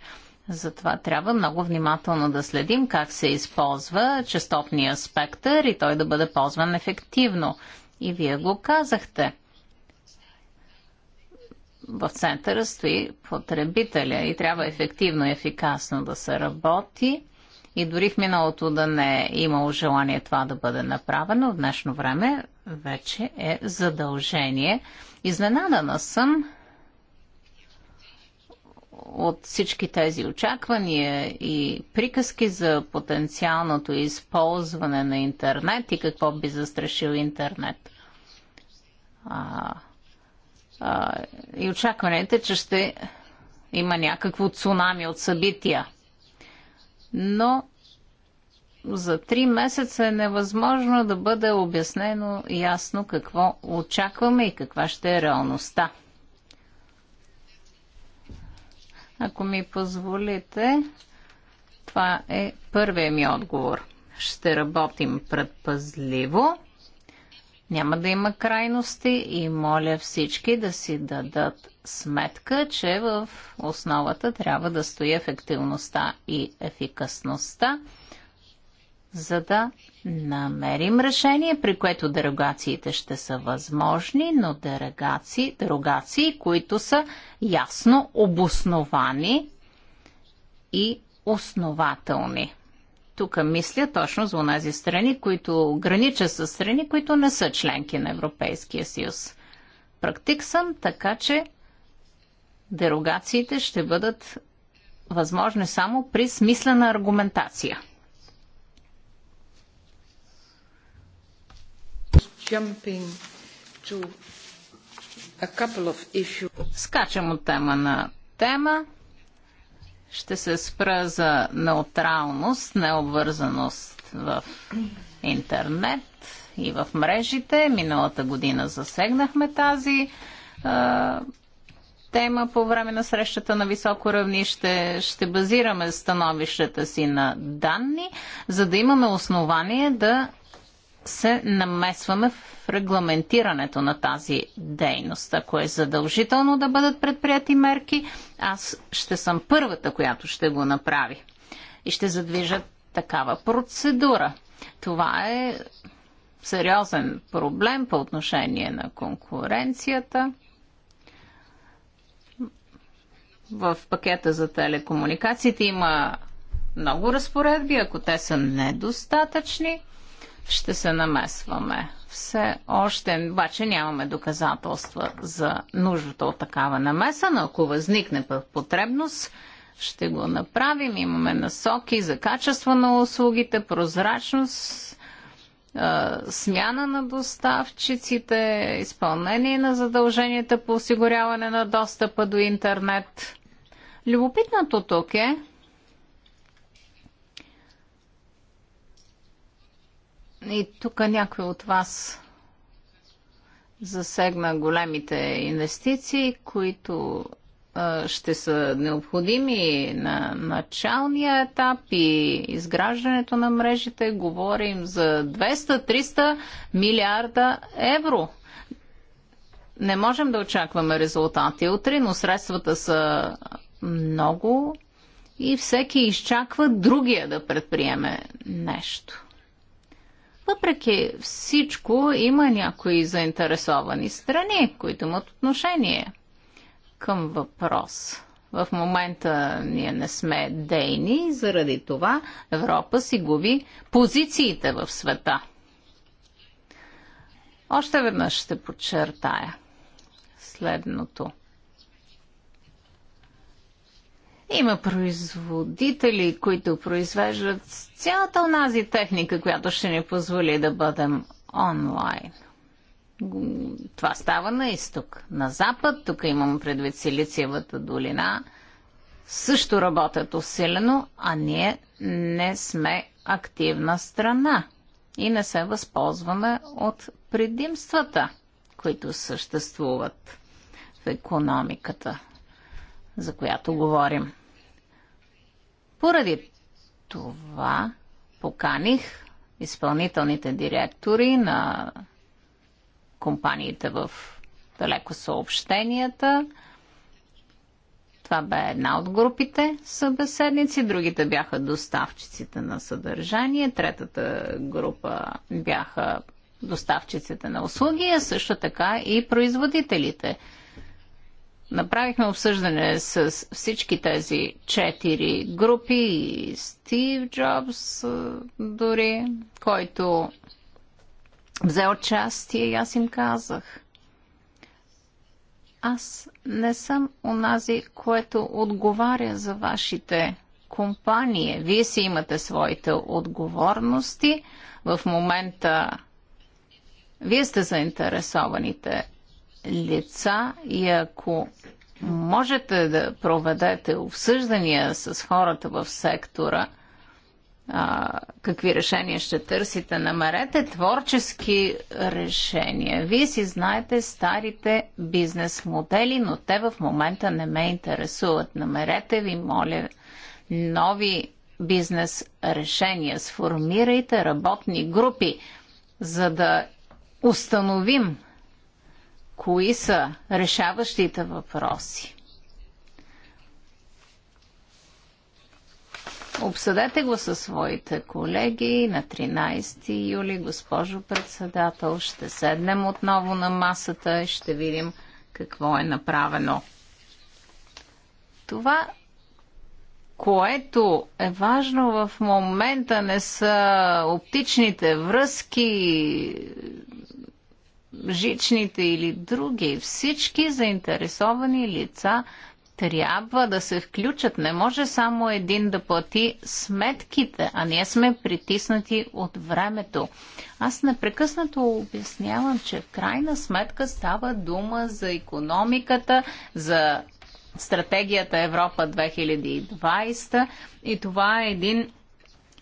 Затова трябва много внимателно да следим как се използва частотния спектър и той да бъде ползван ефективно. И вие го казахте. В центъра стои потребителя и трябва ефективно и ефикасно да се работи и дори в миналото да не е имало желание това да бъде направено, в днешно време вече е задължение. Изненадана съм от всички тези очаквания и приказки за потенциалното използване на интернет и какво би застрашил интернет. А, а, и очакванията, че ще има някакво цунами от събития – но за три месеца е невъзможно да бъде обяснено ясно какво очакваме и каква ще е реалността. Ако ми позволите, това е първият ми отговор. Ще работим предпазливо няма да има крайности и моля всички да си дадат сметка, че в основата трябва да стои ефективността и ефикасността, за да намерим решение, при което дерогациите ще са възможни, но дерогации, дерогации които са ясно обосновани и основателни. Тук мисля точно за онази страни, които граничат с страни, които не са членки на Европейския съюз. Практик съм, така че дерогациите ще бъдат възможни само при смислена аргументация. Скачам от тема на тема. Ще се спра за неутралност, необвързаност в интернет и в мрежите. Миналата година засегнахме тази а, тема по време на срещата на високо равнище. Ще базираме становищата си на данни, за да имаме основание да се намесваме в регламентирането на тази дейност. Ако е задължително да бъдат предприяти мерки, аз ще съм първата, която ще го направи. И ще задвижа такава процедура. Това е сериозен проблем по отношение на конкуренцията. В пакета за телекомуникациите има много разпоредби, ако те са недостатъчни – ще се намесваме. Все още обаче нямаме доказателства за нуждата от такава намеса, но ако възникне потребност, ще го направим. Имаме насоки за качество на услугите, прозрачност, смяна на доставчиците, изпълнение на задълженията по осигуряване на достъпа до интернет. Любопитното тук е, И тук някой от вас засегна големите инвестиции, които ще са необходими на началния етап и изграждането на мрежите. Говорим за 200-300 милиарда евро. Не можем да очакваме резултати утре, но средствата са много и всеки изчаква другия да предприеме нещо. Въпреки всичко, има някои заинтересовани страни, които имат отношение към въпрос. В момента ние не сме дейни, заради това Европа си губи позициите в света. Още веднъж ще подчертая следното – има производители, които произвеждат цялата онази техника, която ще ни позволи да бъдем онлайн. Това става на изток. На запад, тук имам предвид Силициевата долина, също работят усилено, а ние не сме активна страна и не се възползваме от предимствата, които съществуват в економиката за която говорим. Поради това поканих изпълнителните директори на компаниите в далеко съобщенията. Това бе една от групите събеседници, другите бяха доставчиците на съдържание, третата група бяха доставчиците на услуги, а също така и производителите – Направихме обсъждане с всички тези четири групи и Стив Джобс дори, който взе участие и аз им казах. Аз не съм онази, което отговаря за вашите компании. Вие си имате своите отговорности. В момента вие сте заинтересованите лица и ако можете да проведете обсъждания с хората в сектора, а, какви решения ще търсите, намерете творчески решения. Вие си знаете старите бизнес модели, но те в момента не ме интересуват. Намерете ви, моля, нови бизнес решения. Сформирайте работни групи, за да установим кои са решаващите въпроси. Обсъдете го със своите колеги на 13 юли, госпожо председател. Ще седнем отново на масата и ще видим какво е направено. Това, което е важно в момента, не са оптичните връзки, жичните или други, всички заинтересовани лица трябва да се включат. Не може само един да плати сметките, а ние сме притиснати от времето. Аз непрекъснато обяснявам, че в крайна сметка става дума за економиката, за стратегията Европа 2020 и това е един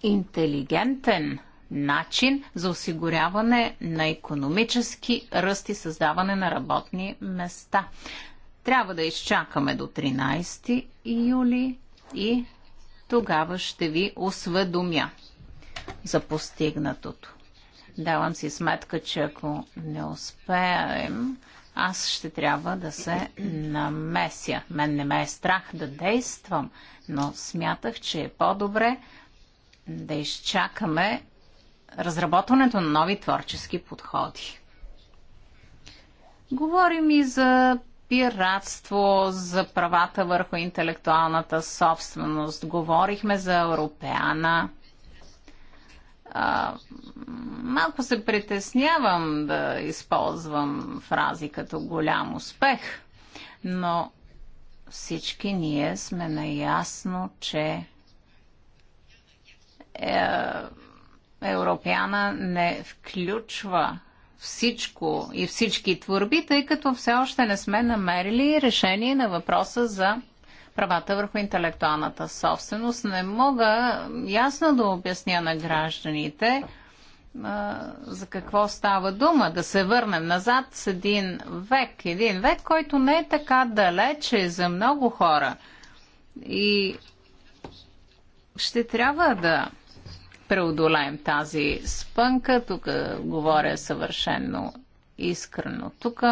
интелигентен начин за осигуряване на економически ръст и създаване на работни места. Трябва да изчакаме до 13 юли и тогава ще ви осведомя за постигнатото. Давам си сметка, че ако не успеем, аз ще трябва да се намеся. Мен не ме е страх да действам, но смятах, че е по-добре да изчакаме разработването на нови творчески подходи. Говорим и за пиратство, за правата върху интелектуалната собственост. Говорихме за Европеана. А, малко се притеснявам да използвам фрази като голям успех, но всички ние сме наясно, че е, Европеана не включва всичко и всички творби, тъй като все още не сме намерили решение на въпроса за правата върху интелектуалната собственост. Не мога ясно да обясня на гражданите а, за какво става дума. Да се върнем назад с един век. Един век, който не е така далече за много хора. И ще трябва да преодолеем тази спънка. Тук говоря съвършенно искрено. Тук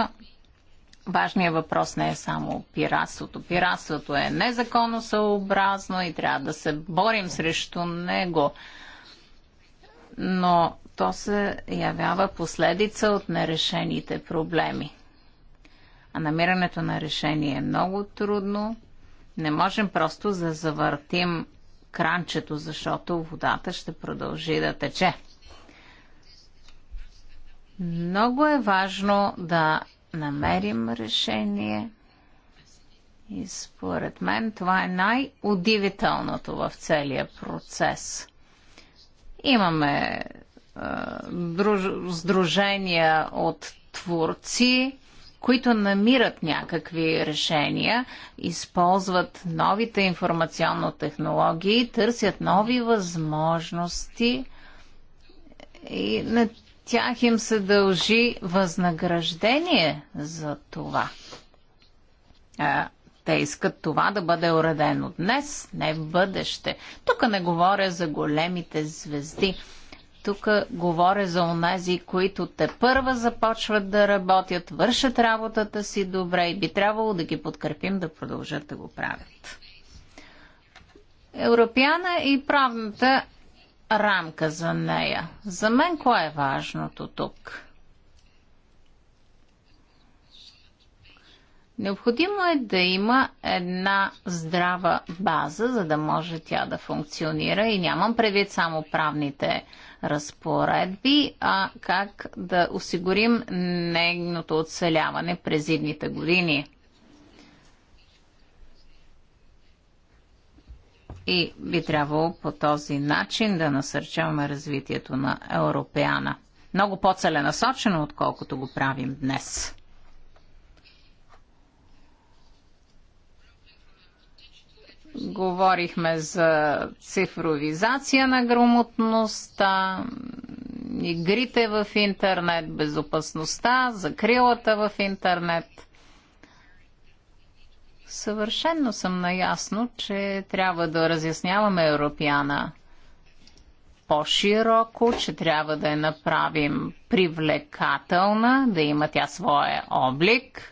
важният въпрос не е само пиратството. Пиратството е незаконно съобразно и трябва да се борим срещу него. Но то се явява последица от нерешените проблеми. А намирането на решение е много трудно. Не можем просто да завъртим кранчето, защото водата ще продължи да тече. Много е важно да намерим решение. И според мен това е най-удивителното в целия процес. Имаме е, друж... сдружения от творци, които намират някакви решения, използват новите информационно-технологии, търсят нови възможности и на тях им се дължи възнаграждение за това. А, те искат това да бъде уредено днес, не в бъдеще. Тук не говоря за големите звезди тук говоря за онези, които те първа започват да работят, вършат работата си добре и би трябвало да ги подкрепим да продължат да го правят. Европяна и правната рамка за нея. За мен кое е важното тук? Необходимо е да има една здрава база, за да може тя да функционира и нямам предвид само правните разпоредби, а как да осигурим нейното оцеляване през едните години. И би трябвало по този начин да насърчаваме развитието на Европеана. Много по-целенасочено, отколкото го правим днес. Говорихме за цифровизация на грамотността, игрите в интернет, безопасността, закрилата в интернет. Съвършенно съм наясно, че трябва да разясняваме Европяна по-широко, че трябва да я направим привлекателна, да има тя своя облик –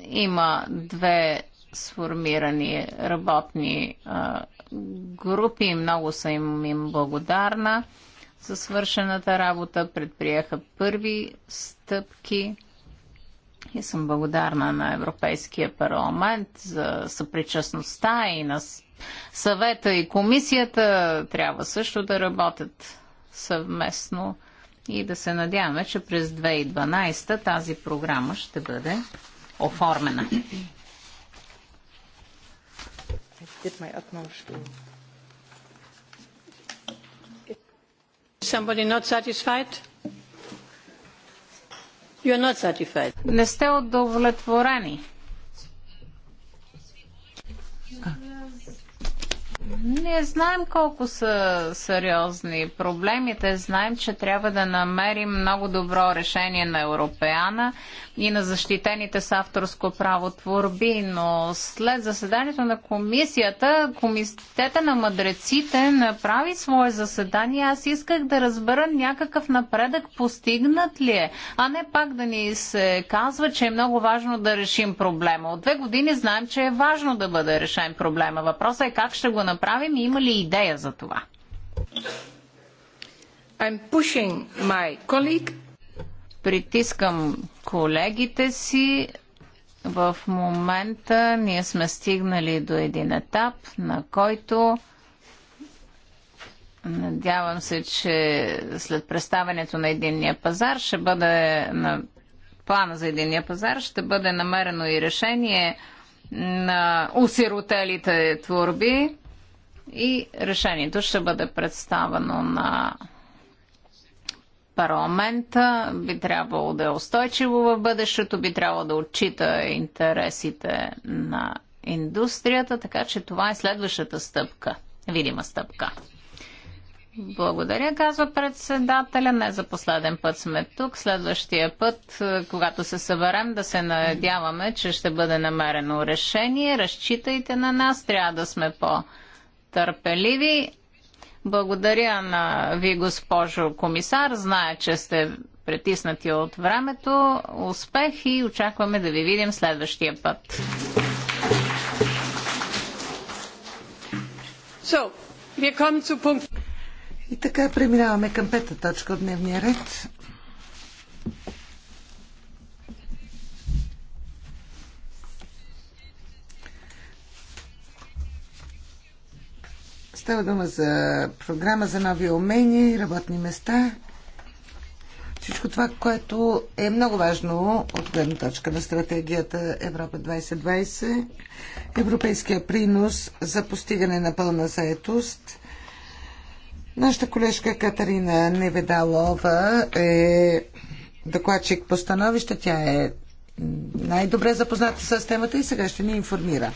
има две сформирани работни групи. Много съм им, им благодарна за свършената работа. Предприеха първи стъпки. И съм благодарна на Европейския парламент за съпричастността и на съвета и комисията. Трябва също да работят съвместно и да се надяваме, че през 2012 тази програма ще бъде оформена. Не сте удовлетворени. Е, ние знаем колко са сериозни проблемите. Знаем, че трябва да намерим много добро решение на Европеана и на защитените с авторско право творби, но след заседанието на комисията, комитета на мъдреците направи свое заседание. Аз исках да разбера някакъв напредък постигнат ли е, а не пак да ни се казва, че е много важно да решим проблема. От две години знаем, че е важно да бъде решен проблема. Въпросът е как ще го направим и има ли идея за това? I'm pushing my colleague притискам колегите си. В момента ние сме стигнали до един етап, на който надявам се, че след представянето на единния пазар ще бъде на плана за единния пазар ще бъде намерено и решение на усиротелите творби и решението ще бъде представено на парламента би трябвало да е устойчиво в бъдещето, би трябвало да отчита интересите на индустрията, така че това е следващата стъпка, видима стъпка. Благодаря, казва председателя. Не за последен път сме тук. Следващия път, когато се съберем, да се надяваме, че ще бъде намерено решение. Разчитайте на нас, трябва да сме по-търпеливи. Благодаря на ви, госпожо комисар. Зная, че сте притиснати от времето. Успех и очакваме да ви видим следващия път. So, и така преминаваме към пета точка от дневния ред. Става дума за програма за нови умения и работни места. Всичко това, което е много важно от гледна точка на стратегията Европа 2020, европейския принос за постигане на пълна заетост. Нашата колежка Катарина Неведалова е докладчик по становище. Тя е най-добре запозната с темата и сега ще ни информира.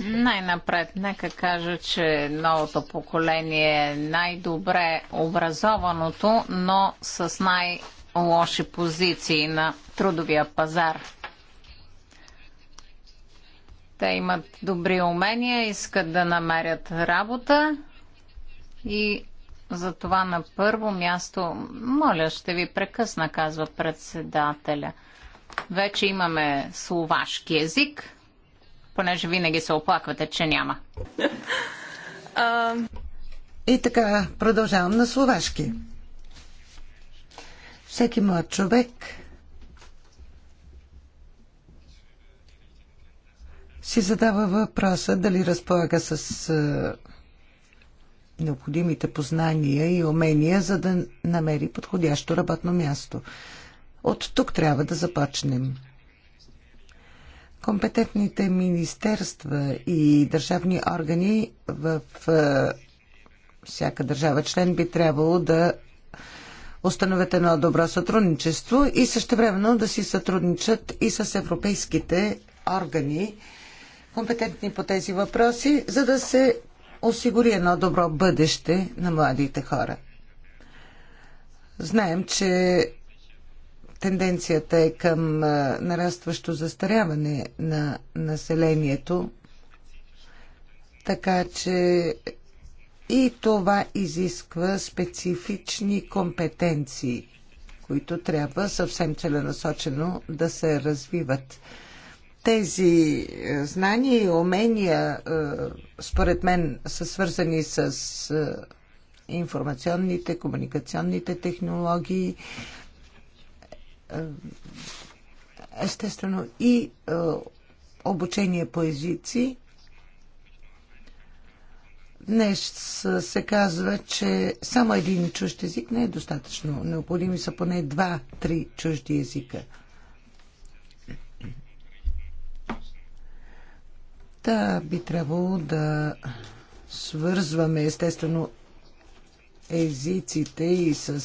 Най-напред, нека кажа, че новото поколение е най-добре образованото, но с най-лоши позиции на трудовия пазар. Те имат добри умения, искат да намерят работа и за това на първо място, моля, ще ви прекъсна, казва председателя. Вече имаме словашки език понеже винаги се оплаквате, че няма. И така, продължавам на словашки. Всеки млад човек си задава въпроса дали разполага с необходимите познания и умения, за да намери подходящо работно място. От тук трябва да започнем компетентните министерства и държавни органи в е, всяка държава член би трябвало да установят едно добро сътрудничество и също времено да си сътрудничат и с европейските органи, компетентни по тези въпроси, за да се осигури едно добро бъдеще на младите хора. Знаем, че Тенденцията е към нарастващо застаряване на населението, така че и това изисква специфични компетенции, които трябва съвсем целенасочено да се развиват. Тези е, знания и умения, е, според мен, са свързани с е, информационните, комуникационните технологии, е, естествено и е, обучение по езици. Днес се казва, че само един чужд език не е достатъчно. Необходими са поне два-три чужди езика. Та би трябвало да свързваме естествено езиците и с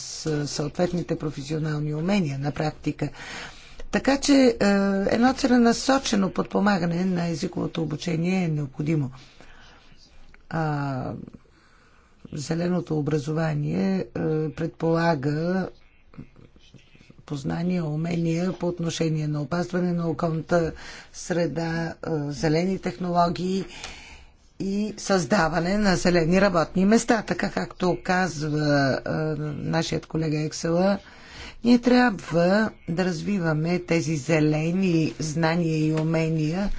съответните професионални умения на практика. Така че е, едно целенасочено подпомагане на езиковото обучение е необходимо. А, зеленото образование е, предполага познания, умения по отношение на опазване на околната среда, е, зелени технологии и създаване на зелени работни места. Така както казва а, е, нашият колега Ексела, ние трябва да развиваме тези зелени знания и умения,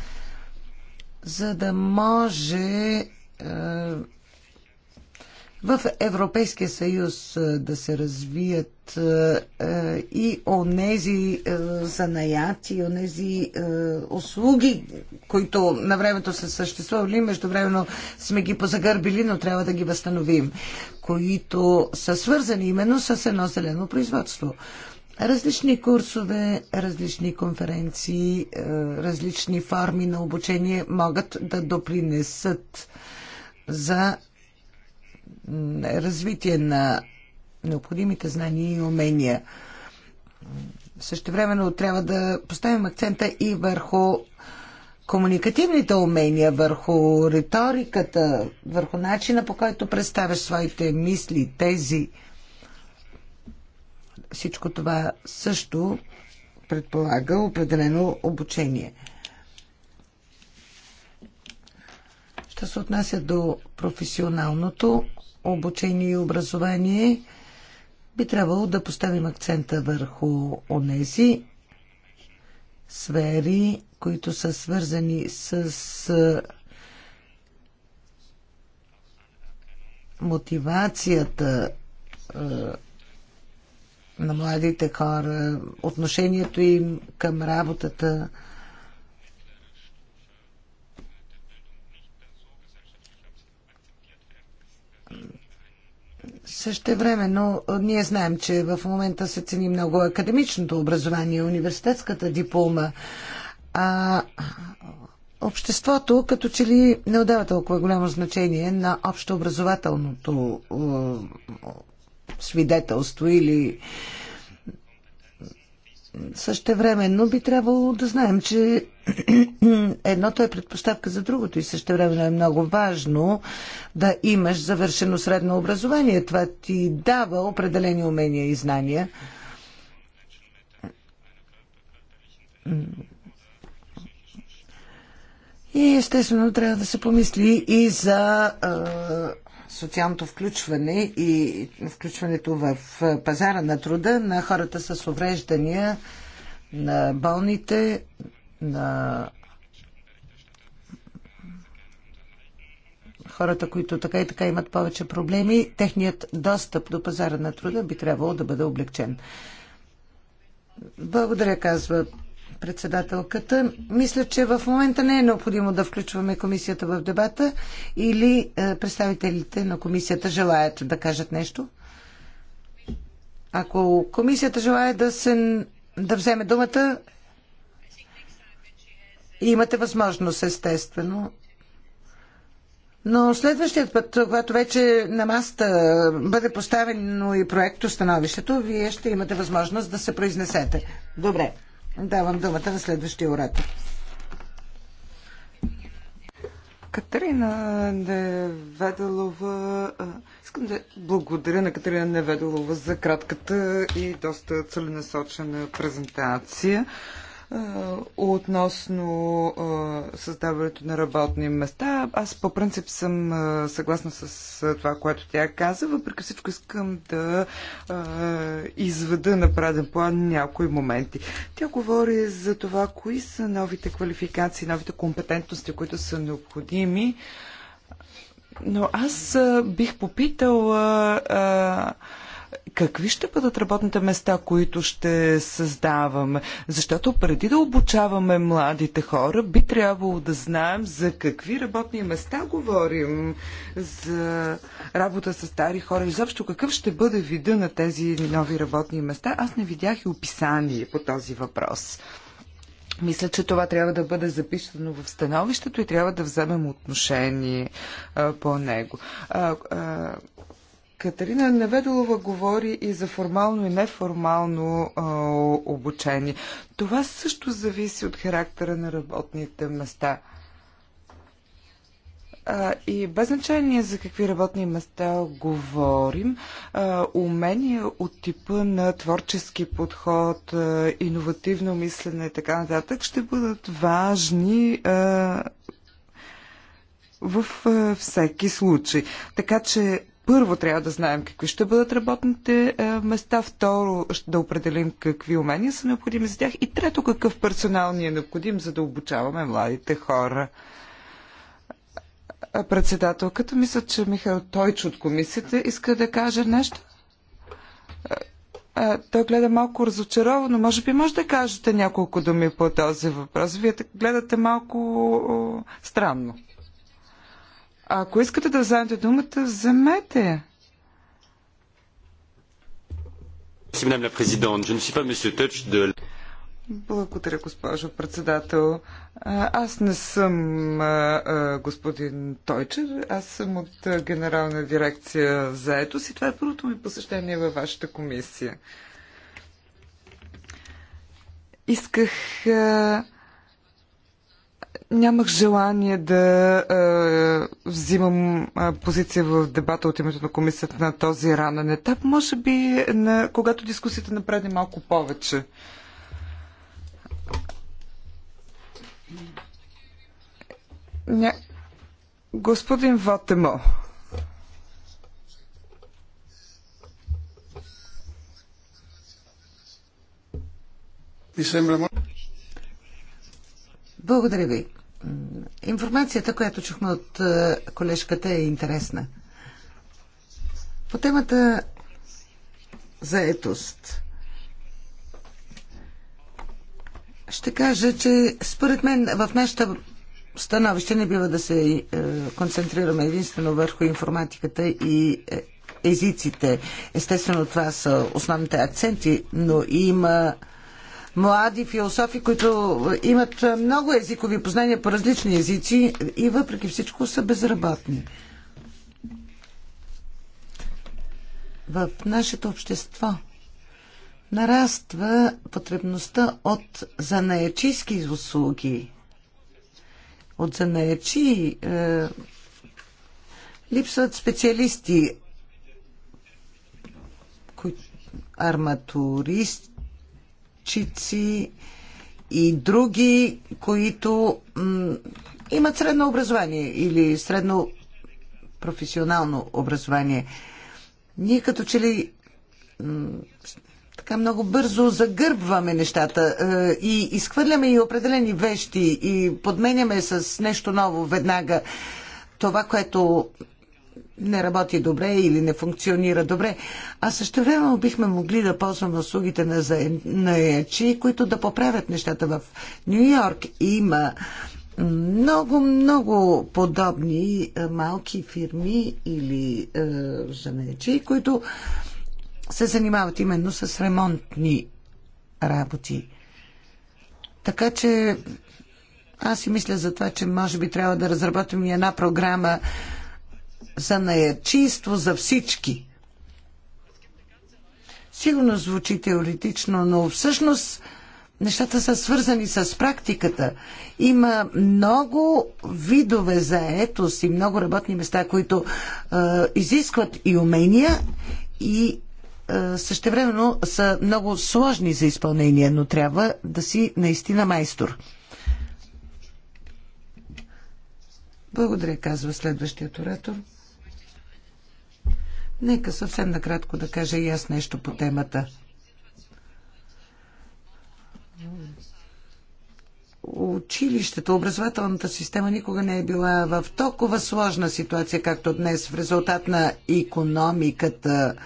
за да може е, в Европейския съюз е, да се развият е, е, и онези занаяти, и онези услуги, които на времето са съществували, междувременно сме ги позагърбили, но трябва да ги възстановим, които са свързани именно с едно зелено производство. Различни курсове, различни конференции, различни форми на обучение могат да допринесат за развитие на необходимите знания и умения. Същевременно трябва да поставим акцента и върху комуникативните умения, върху риториката, върху начина по който представяш своите мисли, тези. Всичко това също предполага определено обучение. Що се отнася до професионалното обучение и образование, би трябвало да поставим акцента върху онези сфери, които са свързани с мотивацията на младите хора, отношението им към работата, Също време, но ние знаем, че в момента се цени много академичното образование, университетската диплома. А обществото като че ли не отдава толкова голямо значение на общообразователното свидетелство или Същевременно би трябвало да знаем, че едното е предпоставка за другото и същевременно е много важно да имаш завършено средно образование. Това ти дава определени умения и знания. И естествено трябва да се помисли и за социалното включване и включването в пазара на труда на хората с увреждания, на болните, на хората, които така и така имат повече проблеми, техният достъп до пазара на труда би трябвало да бъде облегчен. Благодаря, казва председателката. Мисля, че в момента не е необходимо да включваме комисията в дебата или е, представителите на комисията желаят да кажат нещо. Ако комисията желая да, се, да вземе думата, имате възможност, естествено. Но следващият път, когато вече на маста бъде поставено и проекто становището, вие ще имате възможност да се произнесете. Добре. Давам думата на следващия оратор. Катерина Неведелова. Искам да благодаря на Катерина Неведелова за кратката и доста целенасочена презентация относно създаването на работни места. Аз по принцип съм съгласна с това, което тя каза. Въпреки всичко искам да изведа на праден план някои моменти. Тя говори за това, кои са новите квалификации, новите компетентности, които са необходими. Но аз бих попитала какви ще бъдат работните места, които ще създаваме. Защото преди да обучаваме младите хора, би трябвало да знаем за какви работни места говорим, за работа с стари хора. И заобщо какъв ще бъде вида на тези нови работни места? Аз не видях и описание по този въпрос. Мисля, че това трябва да бъде записано в становището и трябва да вземем отношение а, по него. А, а, Катерина Неведолова говори и за формално и неформално а, обучение. Това също зависи от характера на работните места. А, и без значение за какви работни места говорим, а, умения от типа на творчески подход, а, иновативно мислене и така нататък ще бъдат важни а, в а, всеки случай. Така че първо трябва да знаем какви ще бъдат работните е, места, второ да определим какви умения са необходими за тях и трето какъв персонал ни е необходим, за да обучаваме младите хора. Председателката, мисля, че Михаил Тойч от комисията иска да каже нещо. Е, е, той гледа малко разочаровано. Може би може да кажете няколко думи по този въпрос. Вие гледате малко странно. Ако искате да вземете думата, вземете я. Благодаря, госпожо председател. Аз не съм господин Тойчер, аз съм от Генерална дирекция за и това е първото ми посещение във вашата комисия. Исках Нямах желание да е, взимам е, позиция в дебата от името на комисията на този ранен етап. Може би, на, когато дискусията напредне малко повече. Ня... Господин Ватемо. Ми sembra molto... Благодаря ви. Информацията, която чухме от е, колежката е интересна. По темата за етост. Ще кажа, че според мен в нашата становище не бива да се е, концентрираме единствено върху информатиката и е, езиците. Естествено, това са основните акценти, но има млади философи, които имат много езикови познания по различни езици и въпреки всичко са безработни. В нашето общество нараства потребността от занаячийски услуги, от занаячи е, липсват специалисти, кои, арматуристи, докладчици и други, които имат средно образование или средно професионално образование. Ние като че ли така много бързо загърбваме нещата е, и изхвърляме и определени вещи и подменяме с нещо ново веднага това, което не работи добре или не функционира добре, а също време бихме могли да ползваме услугите на заячи, които да поправят нещата в Нью Йорк. Има много, много подобни е, малки фирми или е, занаячи, които се занимават именно с ремонтни работи. Така че аз си мисля за това, че може би трябва да разработим и една програма за наячийство за всички. Сигурно звучи теоретично, но всъщност нещата са свързани с практиката. Има много видове за етос и много работни места, които е, изискват и умения, и е, същевременно са много сложни за изпълнение, но трябва да си наистина майстор. Благодаря, казва следващият оратор. Нека съвсем накратко да кажа и аз нещо по темата. Училището, образователната система никога не е била в толкова сложна ситуация, както днес, в резултат на економиката,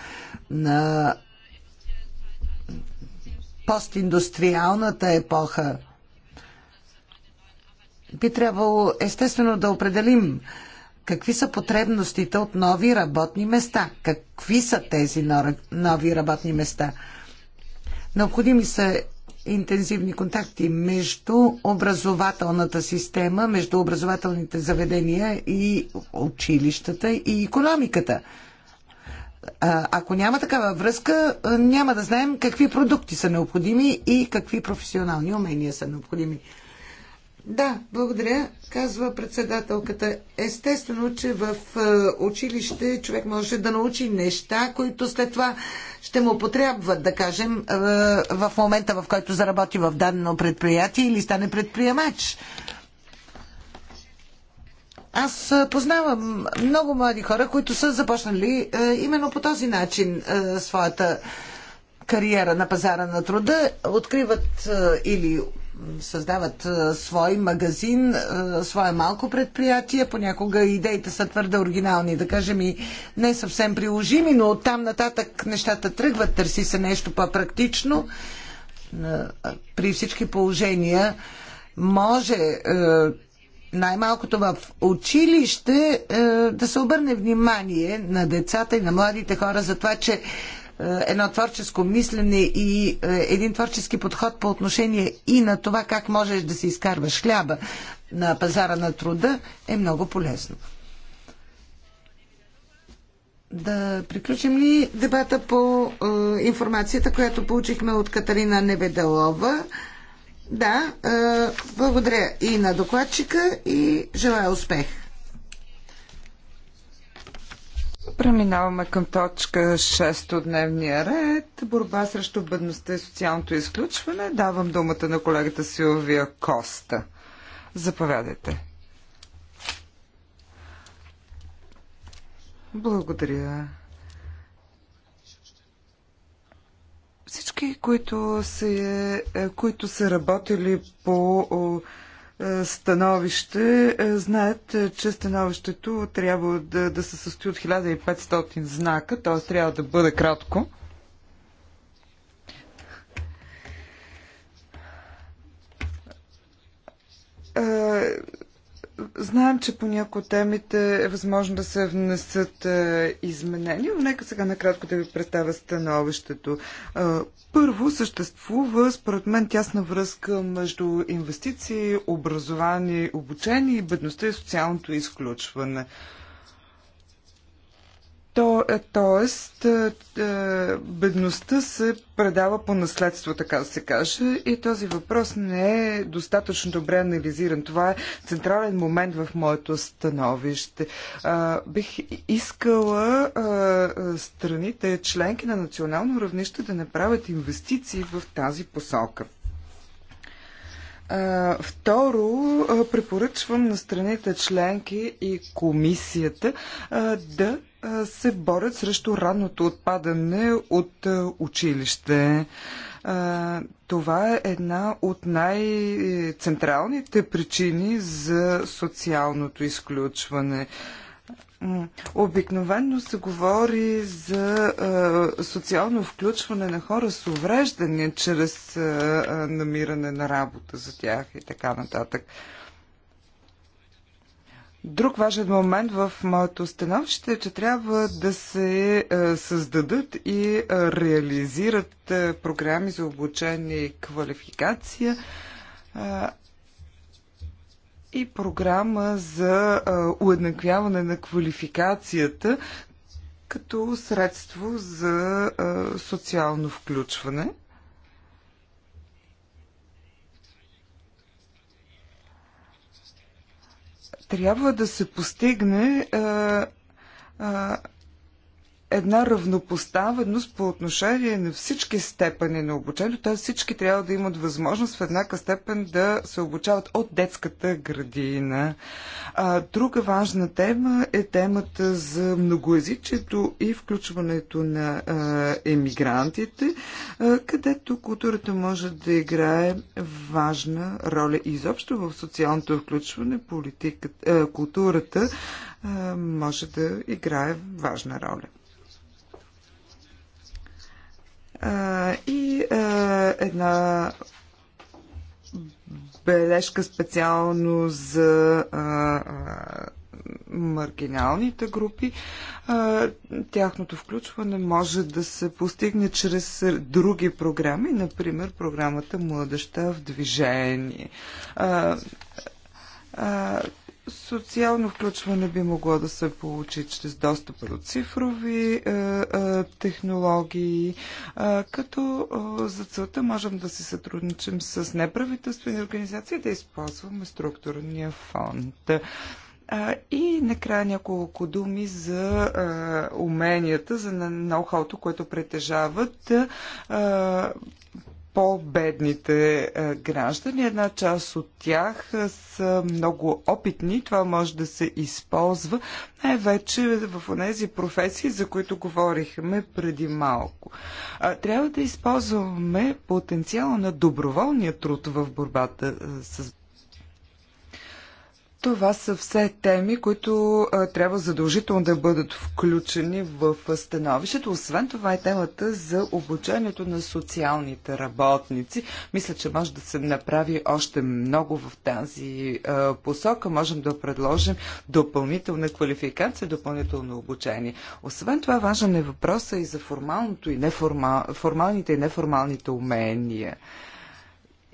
на постиндустриалната епоха. Би трябвало естествено да определим какви са потребностите от нови работни места. Какви са тези нови работни места? Необходими са интензивни контакти между образователната система, между образователните заведения и училищата и економиката. Ако няма такава връзка, няма да знаем какви продукти са необходими и какви професионални умения са необходими. Да, благодаря, казва председателката. Естествено, че в е, училище човек може да научи неща, които след това ще му потребват, да кажем, е, в момента, в който заработи в дадено предприятие или стане предприемач. Аз е, познавам много млади хора, които са започнали именно по този начин своята кариера на пазара на труда, откриват или създават свой магазин, свое малко предприятие. Понякога идеите са твърде оригинални, да кажем и не съвсем приложими, но оттам нататък нещата тръгват, търси се нещо по-практично. При всички положения може най-малкото в училище да се обърне внимание на децата и на младите хора за това, че е, едно творческо мислене и е, един творчески подход по отношение и на това как можеш да си изкарваш хляба на пазара на труда е много полезно. Да приключим ли дебата по е, информацията, която получихме от Катарина Неведелова? Да, е, благодаря и на докладчика и желая успех! Преминаваме към точка 6 от дневния ред. Борба срещу бедността и социалното изключване. Давам думата на колегата Силвия Коста. Заповядайте. Благодаря. Всички, които са, които са работили по е, становище. Е, знаят, е, че становището трябва да, да се състои от 1500 знака, т.е. трябва да бъде кратко. Знаем, че по някои от темите е възможно да се внесат е, изменения, но нека сега накратко да ви представя становището. Е, първо, съществува, според мен, тясна връзка между инвестиции, образование, обучение и бедността и социалното изключване. То, е, тоест, е, е, бедността се предава по наследство, така да се каже, и този въпрос не е достатъчно добре анализиран. Това е централен момент в моето становище. Бих искала страните, членки на национално равнище, да направят инвестиции в тази посока. Второ, препоръчвам на страните членки и комисията да се борят срещу ранното отпадане от е, училище. Е, това е една от най-централните причини за социалното изключване. Обикновено се говори за е, социално включване на хора с увреждания чрез намиране на работа за тях и така нататък. Друг важен момент в моето становище е, че трябва да се е, създадат и е, реализират е, програми за обучение и квалификация и програма за уеднаквяване на квалификацията като средство за социално включване. трябва да се постигне а, а, една равнопоставеност по отношение на всички степени на обучение, т.е. всички трябва да имат възможност в еднаква степен да се обучават от детската градина. А, друга важна тема е темата за многоязичието и включването на а, емигрантите, а, където културата може да играе важна роля и изобщо в социалното включване, политиката, а, културата а, може да играе важна роля и една бележка специално за маргиналните групи, тяхното включване може да се постигне чрез други програми, например програмата Младеща в движение. Социално включване би могло да се получи чрез достъпа до цифрови е, е, технологии, е, като е, за целта можем да си сътрудничим с неправителствени организации, да използваме структурния фонд. Е, и накрая няколко думи за а, е, уменията, за ноу-хауто, което притежават а, е, по-бедните е, граждани. Една част от тях е, са много опитни. Това може да се използва най-вече в тези професии, за които говорихме преди малко. Трябва да използваме потенциала на доброволния труд в борбата е, с това са все теми, които а, трябва задължително да бъдат включени в становището. Освен това е темата за обучението на социалните работници. Мисля, че може да се направи още много в тази а, посока. Можем да предложим допълнителна квалификация, допълнително обучение. Освен това, важен е въпроса и за формалното и неформал... формалните и неформалните умения.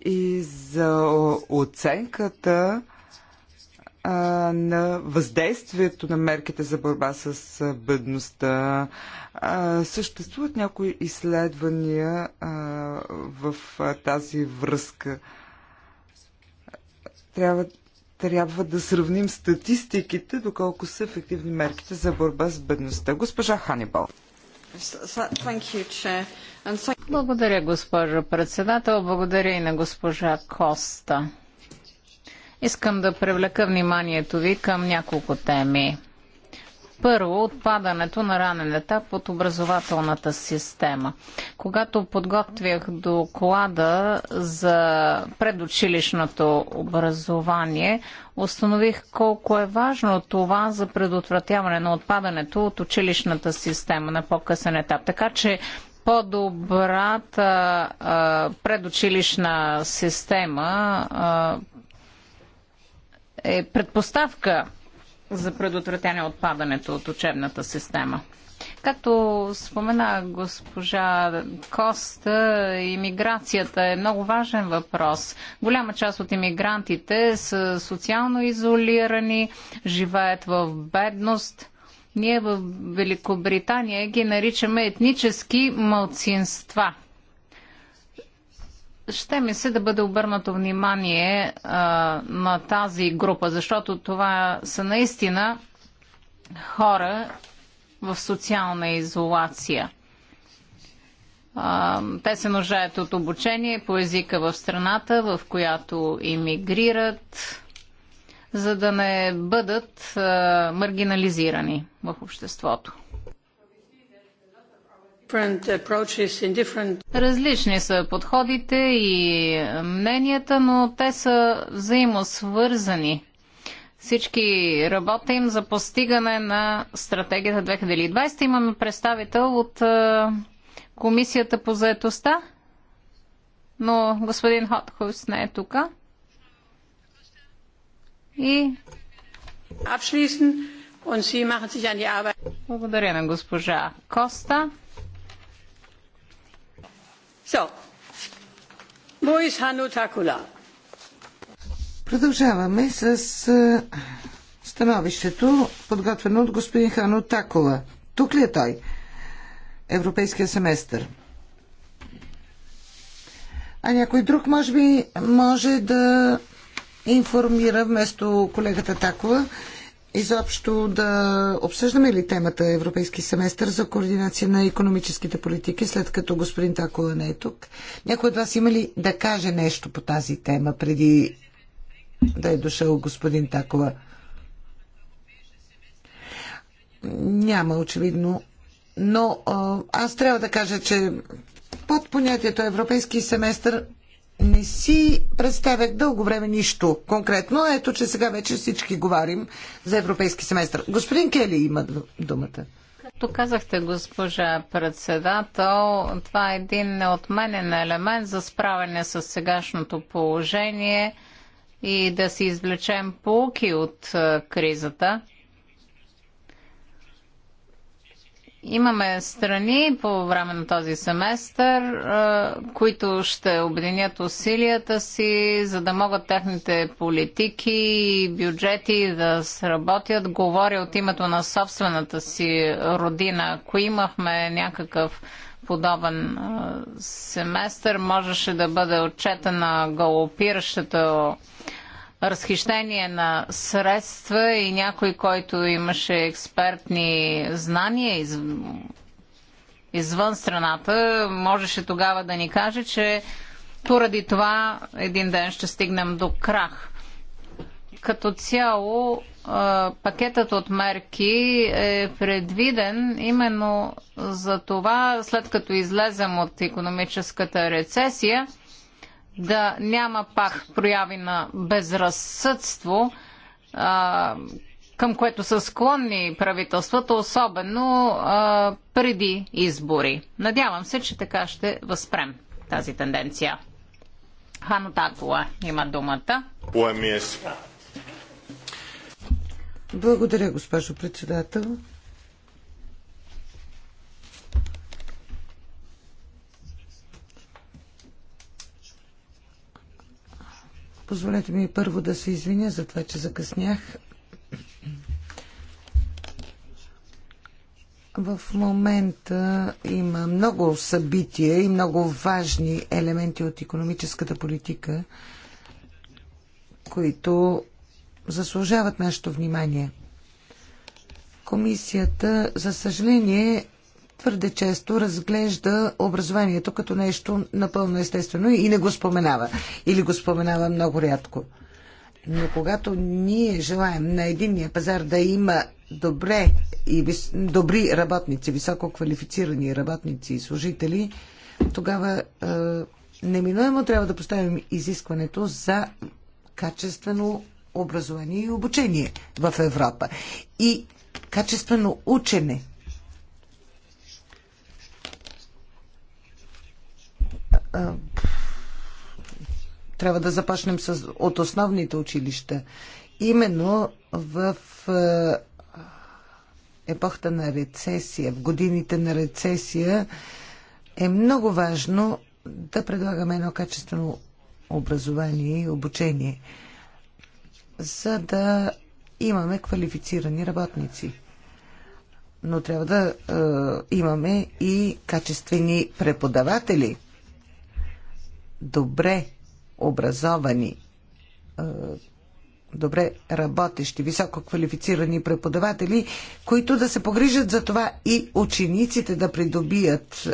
И за оценката на въздействието на мерките за борба с бедността. Съществуват някои изследвания в тази връзка. Трябва, трябва да сравним статистиките, доколко са ефективни мерките за борба с бедността. Госпожа Ханибал. Благодаря, госпожо председател. Благодаря и на госпожа Коста. Искам да привлека вниманието ви към няколко теми. Първо, отпадането на ранен етап от образователната система. Когато подготвях доклада за предучилищното образование, установих колко е важно това за предотвратяване на отпадането от училищната система на по-късен етап. Така че по-добрата предучилищна система е предпоставка за предотвратяване отпадането от учебната система. Както спомена госпожа Коста, иммиграцията е много важен въпрос. Голяма част от иммигрантите са социално изолирани, живеят в бедност. Ние в Великобритания ги наричаме етнически мълцинства – ще ми се да бъде обърнато внимание а, на тази група, защото това са наистина хора в социална изолация. А, те се нуждаят от обучение по езика в страната, в която иммигрират, за да не бъдат а, маргинализирани в обществото. Различни са подходите и мненията, но те са взаимосвързани. Всички работим за постигане на стратегията 2020. Имаме представител от е, Комисията по заетостта, но господин Хотхус не е тук. И Благодаря на госпожа Коста. Продължаваме с е, становището, подготвено от господин Хану Такова. Тук ли е той? Европейския семестър. А някой друг, може би, може да информира вместо колегата Такова изобщо да обсъждаме ли темата Европейски семестър за координация на економическите политики, след като господин Такова не е тук? Някой от вас има ли да каже нещо по тази тема преди да е дошъл господин Такова? Няма, очевидно. Но аз трябва да кажа, че под понятието Европейски семестър не си представях дълго време нищо конкретно. Ето, че сега вече всички говорим за европейски семестър. Господин Кели има думата. Както казахте, госпожа председател, това е един неотменен елемент за справяне с сегашното положение и да си извлечем полки от е, кризата. Имаме страни по време на този семестър, които ще обединят усилията си, за да могат техните политики и бюджети да сработят. Говоря от името на собствената си родина. Ако имахме някакъв подобен семестър, можеше да бъде отчетена галопиращата разхищение на средства и някой, който имаше експертни знания из... извън страната, можеше тогава да ни каже, че поради това един ден ще стигнем до крах. Като цяло, пакетът от мерки е предвиден именно за това, след като излезем от економическата рецесия, да няма пак прояви на безразсъдство, а, към което са склонни правителствата, особено а, преди избори. Надявам се, че така ще възпрем тази тенденция. Хано Такова има думата. Благодаря, госпожо председател. Позволете ми първо да се извиня за това, че закъснях. В момента има много събития и много важни елементи от економическата политика, които заслужават нашето внимание. Комисията, за съжаление, твърде често разглежда образованието като нещо напълно естествено и не го споменава. Или го споменава много рядко. Но когато ние желаем на единния пазар да има добре и вис... добри работници, високо квалифицирани работници и служители, тогава е, неминуемо трябва да поставим изискването за качествено образование и обучение в Европа. И качествено учене трябва да започнем с, от основните училища. Именно в епохата на рецесия, в годините на рецесия, е много важно да предлагаме едно качествено образование и обучение, за да имаме квалифицирани работници. Но трябва да е, имаме и качествени преподаватели добре образовани, добре работещи, високо квалифицирани преподаватели, които да се погрижат за това и учениците да придобият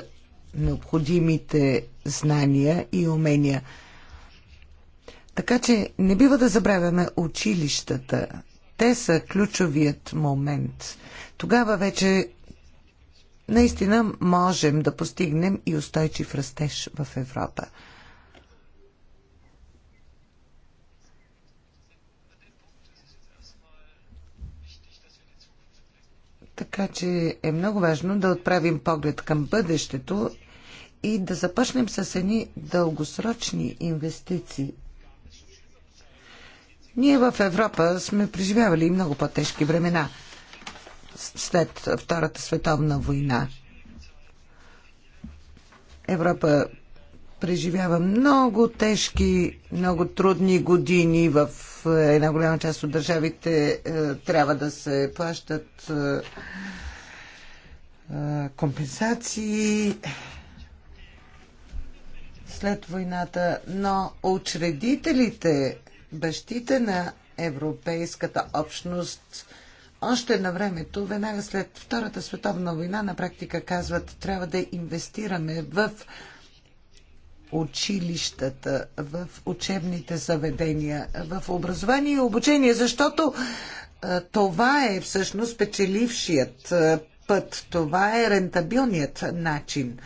необходимите знания и умения. Така че не бива да забравяме училищата. Те са ключовият момент. Тогава вече наистина можем да постигнем и устойчив растеж в Европа. Така че е много важно да отправим поглед към бъдещето и да започнем с едни дългосрочни инвестиции. Ние в Европа сме преживявали много по-тежки времена след Втората световна война. Европа преживява много тежки, много трудни години в една голяма част от държавите е, трябва да се плащат е, е, компенсации след войната, но учредителите, бащите на Европейската общност, още на времето, веднага след Втората световна война, на практика казват, трябва да инвестираме в училищата, в учебните заведения, в образование и обучение, защото това е всъщност печелившият път, това е рентабилният начин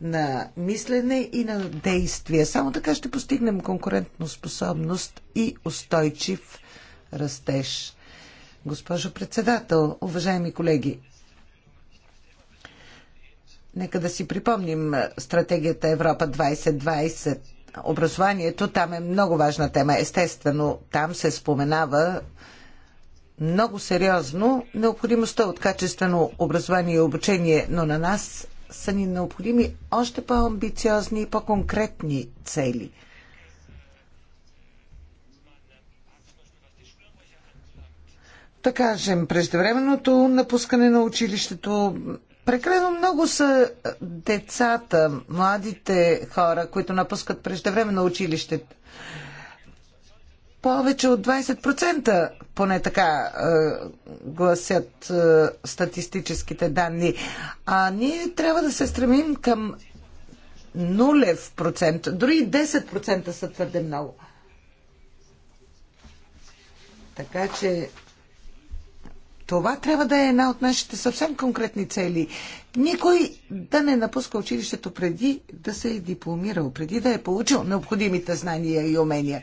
на мислене и на действие. Само така ще постигнем способност и устойчив растеж. Госпожо председател, уважаеми колеги, Нека да си припомним стратегията Европа 2020. Образованието там е много важна тема. Естествено, там се споменава много сериозно необходимостта от качествено образование и обучение, но на нас са ни необходими още по-амбициозни и по-конкретни цели. Да кажем, преждевременното напускане на училището Прекалено много са е, децата, младите хора, които напускат преждевременно училище. Повече от 20%, поне така е, гласят е, статистическите данни. А ние трябва да се стремим към нулев процент. Дори 10% са твърде много. Така че това трябва да е една от нашите съвсем конкретни цели. Никой да не напуска училището преди да се е дипломирал, преди да е получил необходимите знания и умения.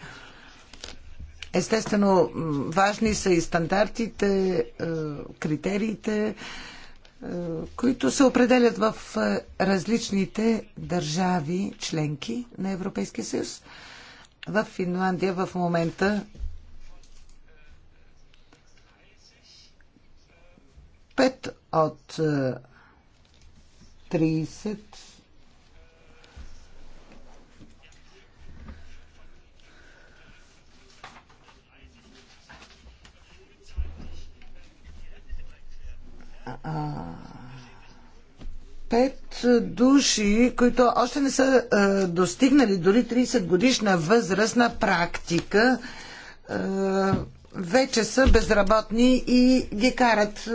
Естествено, важни са и стандартите, е, критериите, е, които се определят в е, различните държави, членки на Европейския съюз. В Финландия в момента 5 от 30 е, пет души, които още не са а, е, достигнали дори 30 годишна възраст на практика, а, е, вече са безработни и ги карат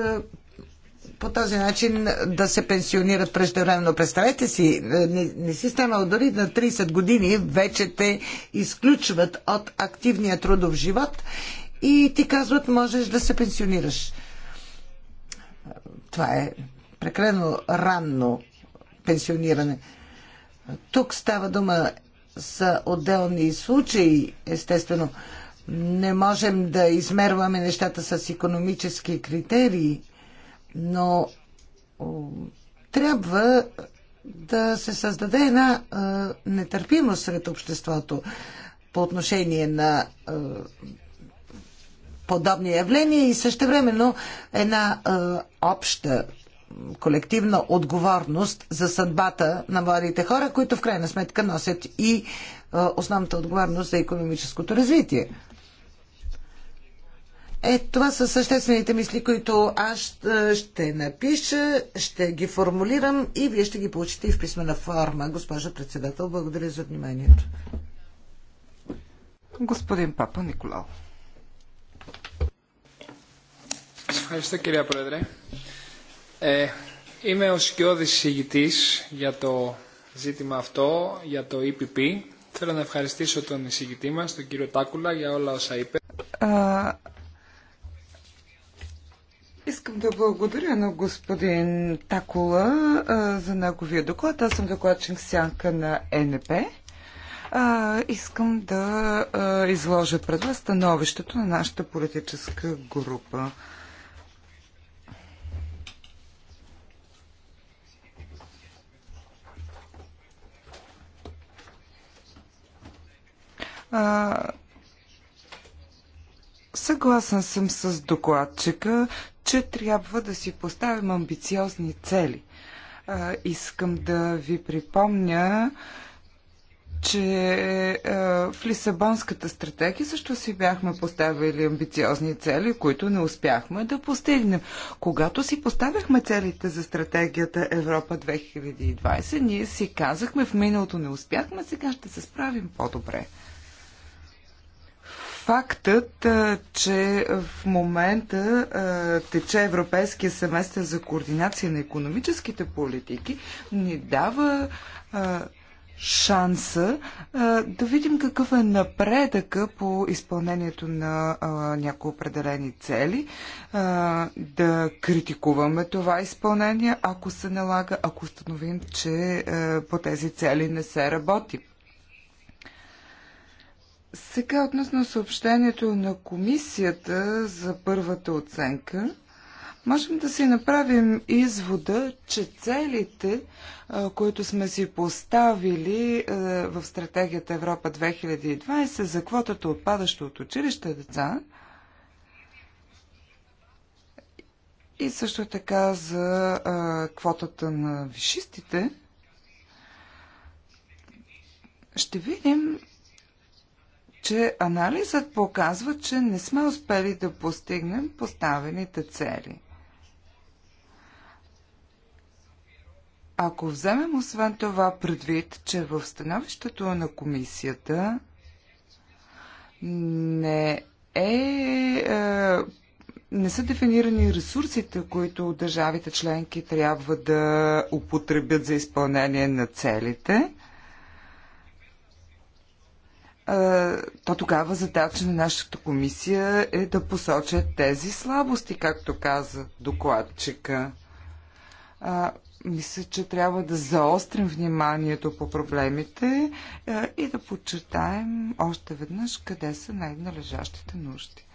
по този начин да се пенсионират преждевременно. Представете си, не, не си станал дори на 30 години, вече те изключват от активния трудов живот и ти казват, можеш да се пенсионираш. Това е прекалено ранно пенсиониране. Тук става дума за отделни случаи, естествено. Не можем да измерваме нещата с економически критерии но трябва да се създаде една нетърпимост сред обществото по отношение на подобни явления и същевременно една обща колективна отговорност за съдбата на младите хора, които в крайна сметка носят и основната отговорност за економическото развитие. Е, това са съществените мисли, които аз е, ще, напиша, ще ги формулирам и вие ще ги получите и в писмена форма. Госпожа председател, благодаря за вниманието. Господин Папа Николао. Ευχαριστώ κυρία Πρόεδρε. Ε, είμαι ο σκιώδης εισηγητής για το ζήτημα αυτό, για το EPP. Θέλω να ευχαριστήσω τον εισηγητή μας, τον κύριο Τάκουλα, για όλα όσα είπε. Искам да благодаря на господин Такола а, за неговия доклад. Аз съм докладчик сянка на НП. А, искам да а, изложа пред вас становището на нашата политическа група. А, Съгласен съм с докладчика, че трябва да си поставим амбициозни цели. А, искам да ви припомня, че в Лисабонската стратегия също си бяхме поставили амбициозни цели, които не успяхме да постигнем. Когато си поставяхме целите за стратегията Европа 2020, ние си казахме в миналото не успяхме, сега ще се справим по-добре. Фактът, че в момента тече Европейския семестър за координация на економическите политики, ни дава шанса да видим какъв е напредъка по изпълнението на някои определени цели, да критикуваме това изпълнение, ако се налага, ако установим, че по тези цели не се работи. Сега относно съобщението на комисията за първата оценка, можем да си направим извода, че целите, които сме си поставили в стратегията Европа 2020 за квотата падащо от училище деца, и също така за квотата на вишистите, ще видим, че анализът показва, че не сме успели да постигнем поставените цели. Ако вземем освен това предвид, че в становището на комисията не е, е не са дефинирани ресурсите, които държавите членки трябва да употребят за изпълнение на целите, то тогава задача на нашата комисия е да посочат тези слабости, както каза докладчика. А, мисля, че трябва да заострим вниманието по проблемите а, и да подчертаем още веднъж къде са най-належащите нужди.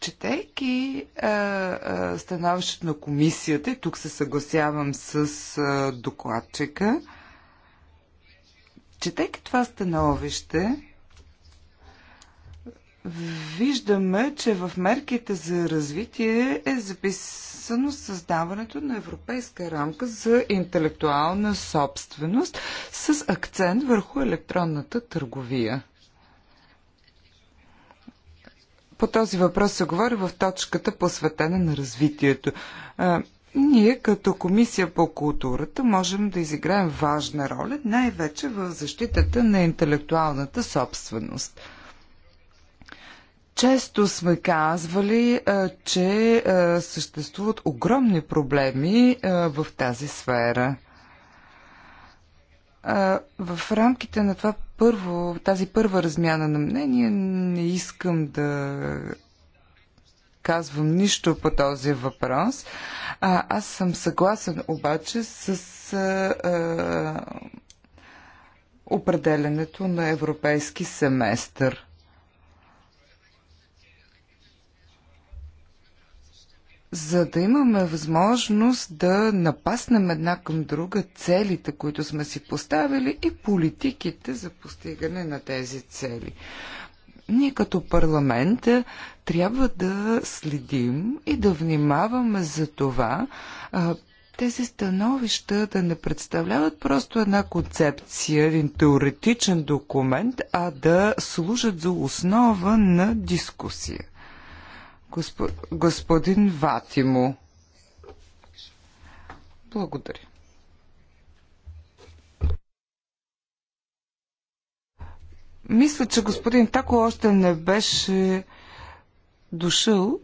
Четейки а, а, становището на комисията, и тук се съгласявам с а, докладчика, Четейки това становище, виждаме, че в мерките за развитие е записано създаването на европейска рамка за интелектуална собственост с акцент върху електронната търговия. По този въпрос се говори в точката посветена на развитието. Ние като Комисия по културата можем да изиграем важна роля, най-вече в защитата на интелектуалната собственост. Често сме казвали, че съществуват огромни проблеми в тази сфера. В рамките на това първо, тази първа размяна на мнение не искам да казвам нищо по този въпрос. А, аз съм съгласен обаче с а, а, определенето на европейски семестър. за да имаме възможност да напаснем една към друга целите, които сме си поставили и политиките за постигане на тези цели. Ние като парламент трябва да следим и да внимаваме за това а, тези становища да не представляват просто една концепция, един теоретичен документ, а да служат за основа на дискусия. Госп... Господин Ватимо. Благодаря. Мисля, че господин Тако още не беше дошъл,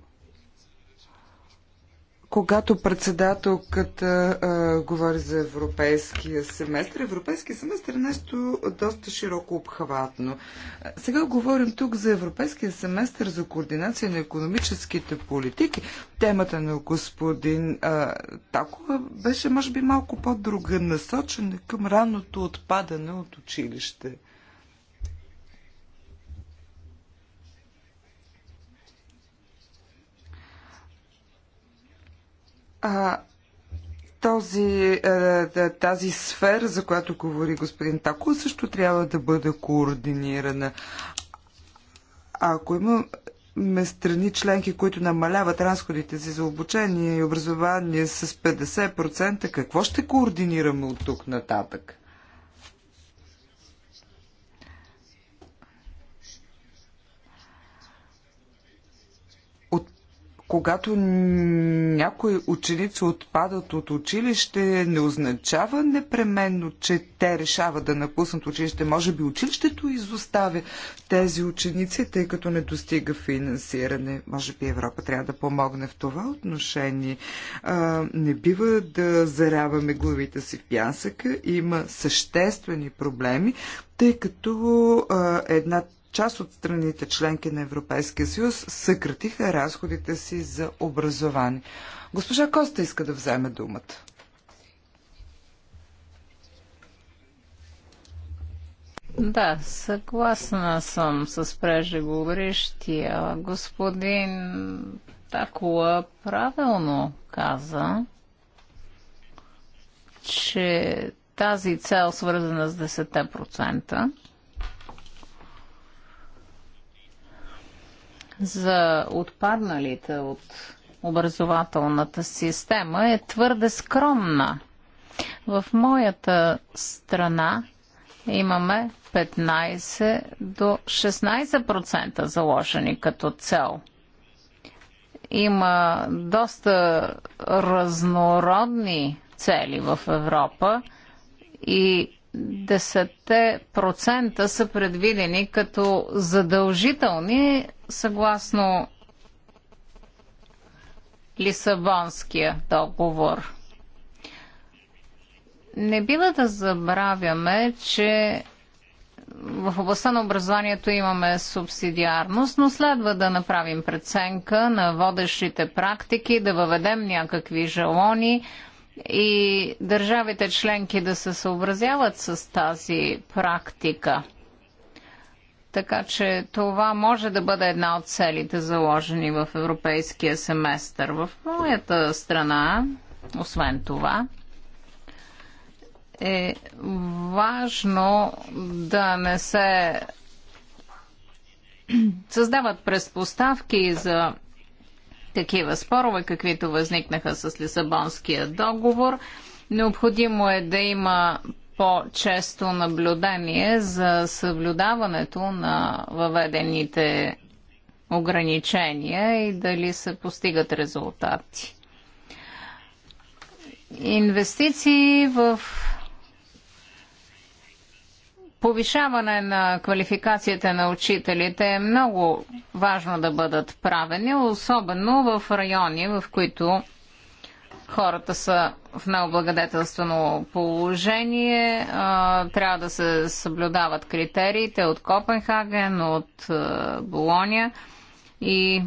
когато председателката а, говори за европейския семестър. Европейския семестър е нещо доста широко обхватно. Сега говорим тук за европейския семестър за координация на економическите политики. Темата на господин а, Такова беше, може би, малко по-друга, насочена към ранното отпадане от училище. А, този, е, е, тази сфера, за която говори господин Тако, също трябва да бъде координирана. Ако има страни членки, които намаляват разходите си за обучение и образование с 50%, какво ще координираме от тук нататък? когато някои ученици отпадат от училище, не означава непременно, че те решават да напуснат училище. Може би училището изоставя тези ученици, тъй като не достига финансиране. Може би Европа трябва да помогне в това отношение. А, не бива да заряваме главите си в пясъка. Има съществени проблеми, тъй като а, една част от страните членки на Европейския съюз съкратиха разходите си за образование. Госпожа Коста иска да вземе думата. Да, съгласна съм с прежеговорещия. Господин Такова правилно каза, че тази цел, свързана с 10%, за отпадналите от образователната система е твърде скромна. В моята страна имаме 15 до 16% заложени като цел. Има доста разнородни цели в Европа и 10% са предвидени като задължителни съгласно Лисабонския договор. Не бива да забравяме, че в областта на образованието имаме субсидиарност, но следва да направим преценка на водещите практики, да въведем някакви желони и държавите членки да се съобразяват с тази практика. Така че това може да бъде една от целите заложени в европейския семестър. В моята страна, освен това, е важно да не се създават предпоставки за такива спорове, каквито възникнаха с Лисабонския договор. Необходимо е да има по-често наблюдение за съблюдаването на въведените ограничения и дали се постигат резултати. Инвестиции в повишаване на квалификацията на учителите е много важно да бъдат правени, особено в райони, в които хората са в необлагодетелствено положение. Трябва да се съблюдават критериите от Копенхаген, от Болония и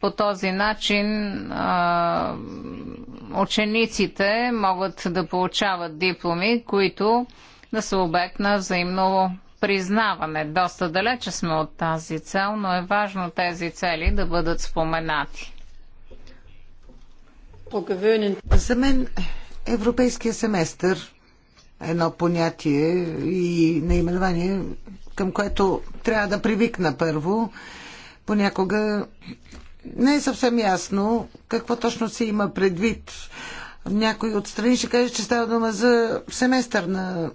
по този начин учениците могат да получават дипломи, които да са обект на взаимно признаване. Доста далече сме от тази цел, но е важно тези цели да бъдат споменати. За мен европейския семестър е едно понятие и наименование, към което трябва да привикна първо. Понякога не е съвсем ясно какво точно се има предвид. Някой отстрани ще каже, че става дума за семестър на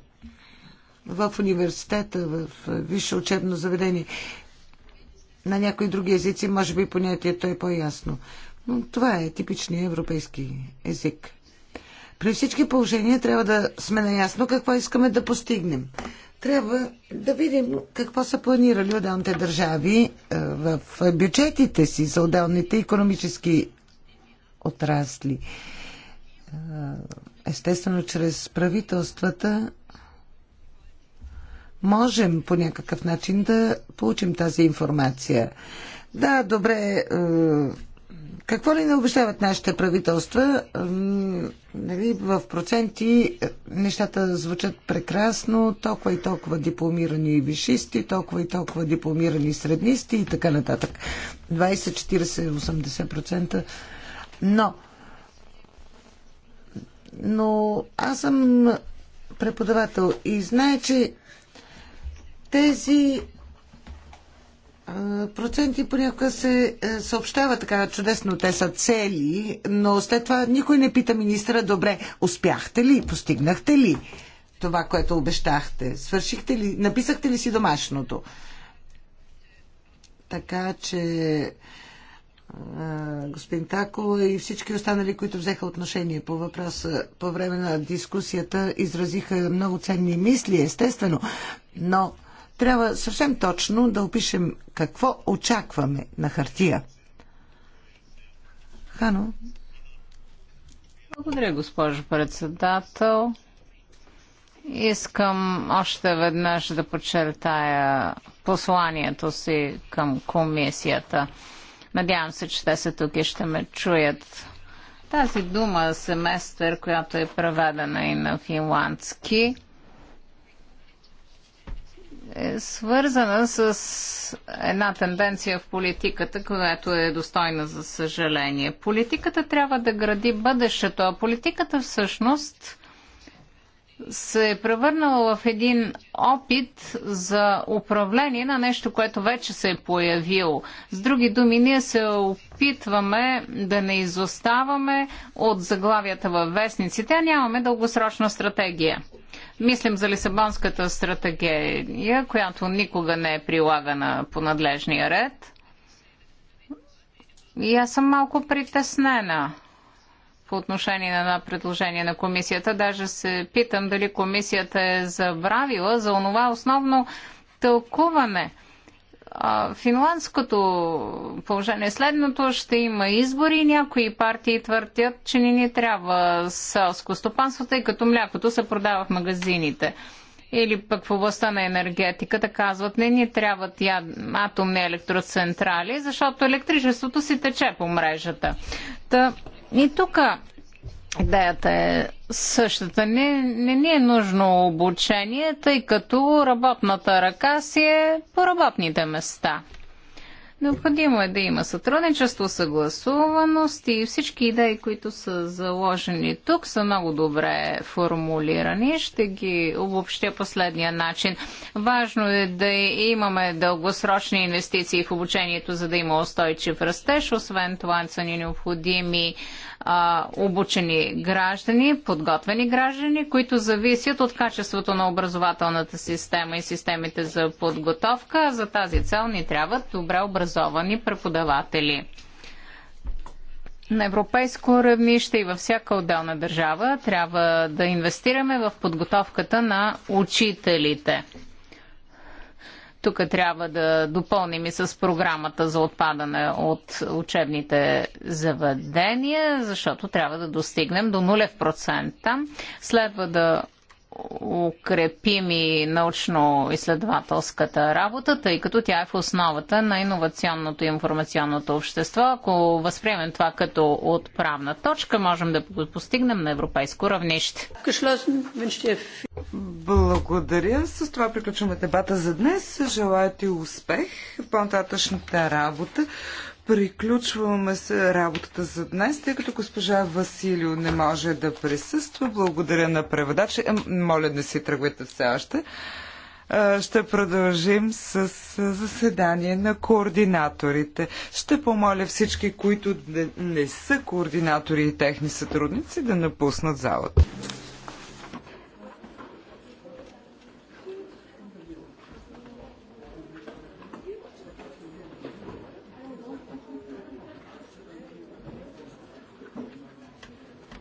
в университета, в висше учебно заведение. На някои други езици, може би понятието е по-ясно. Но това е типичният европейски език. При всички положения трябва да сме наясно какво искаме да постигнем. Трябва да видим какво са планирали отделните държави е, в бюджетите си за отделните економически отрасли. Е, естествено, чрез правителствата можем по някакъв начин да получим тази информация. Да, добре. Е, какво ли не обещават нашите правителства? Е, нали, в проценти нещата звучат прекрасно, толкова и толкова дипломирани и вишисти, толкова и толкова дипломирани среднисти и така нататък. 20, 40, 80%. Но, но аз съм преподавател и знае, че тези проценти понякога се е, съобщава така чудесно, те са цели, но след това никой не пита министра, добре, успяхте ли, постигнахте ли това, което обещахте, свършихте ли, написахте ли си домашното. Така че господин Тако и всички останали, които взеха отношение по въпроса по време на дискусията, изразиха много ценни мисли, естествено, но трябва съвсем точно да опишем какво очакваме на хартия. Хано. Благодаря, госпожо председател. Искам още веднъж да подчертая посланието си към комисията. Надявам се, че те са тук и ще ме чуят. Тази дума семестър, която е преведена и на финландски, е свързана с една тенденция в политиката, която е достойна за съжаление. Политиката трябва да гради бъдещето, а политиката всъщност се е превърнала в един опит за управление на нещо, което вече се е появило. С други думи, ние се опитваме да не изоставаме от заглавията във вестниците, а нямаме дългосрочна стратегия мислим за Лисабонската стратегия, която никога не е прилагана по надлежния ред. И аз съм малко притеснена по отношение на предложение на комисията. Даже се питам дали комисията е забравила за онова основно тълкуване – финландското положение е следното. Ще има избори. Някои партии твърдят, че не ни трябва селско стопанство, тъй като млякото се продава в магазините. Или пък в областта на енергетиката казват, не ни трябват я... атомни електроцентрали, защото електричеството си тече по мрежата. Та, и тук Идеята е същата. Не, не ни е нужно обучение, тъй като работната ръка си е по работните места. Необходимо е да има сътрудничество, съгласуваност и всички идеи, които са заложени тук, са много добре формулирани. Ще ги обобщя последния начин. Важно е да имаме дългосрочни инвестиции в обучението, за да има устойчив растеж. Освен това са ни необходими а, обучени граждани, подготвени граждани, които зависят от качеството на образователната система и системите за подготовка. За тази цел ни трябва добре образовани образовани преподаватели. На европейско равнище и във всяка отделна държава трябва да инвестираме в подготовката на учителите. Тук трябва да допълним и с програмата за отпадане от учебните заведения, защото трябва да достигнем до 0%. Следва да укрепим и научно-изследователската работа, тъй като тя е в основата на иновационното и информационното общество. Ако възприемем това като отправна точка, можем да го постигнем на европейско равнище. Благодаря. С това приключваме дебата за днес. Желая ти успех в по-нататъчната работа. Приключваме с работата за днес, тъй като госпожа Василио не може да присъства. Благодаря на преводача. Моля, не си тръгвайте все още. Ще продължим с заседание на координаторите. Ще помоля всички, които не са координатори и техни сътрудници, да напуснат залата.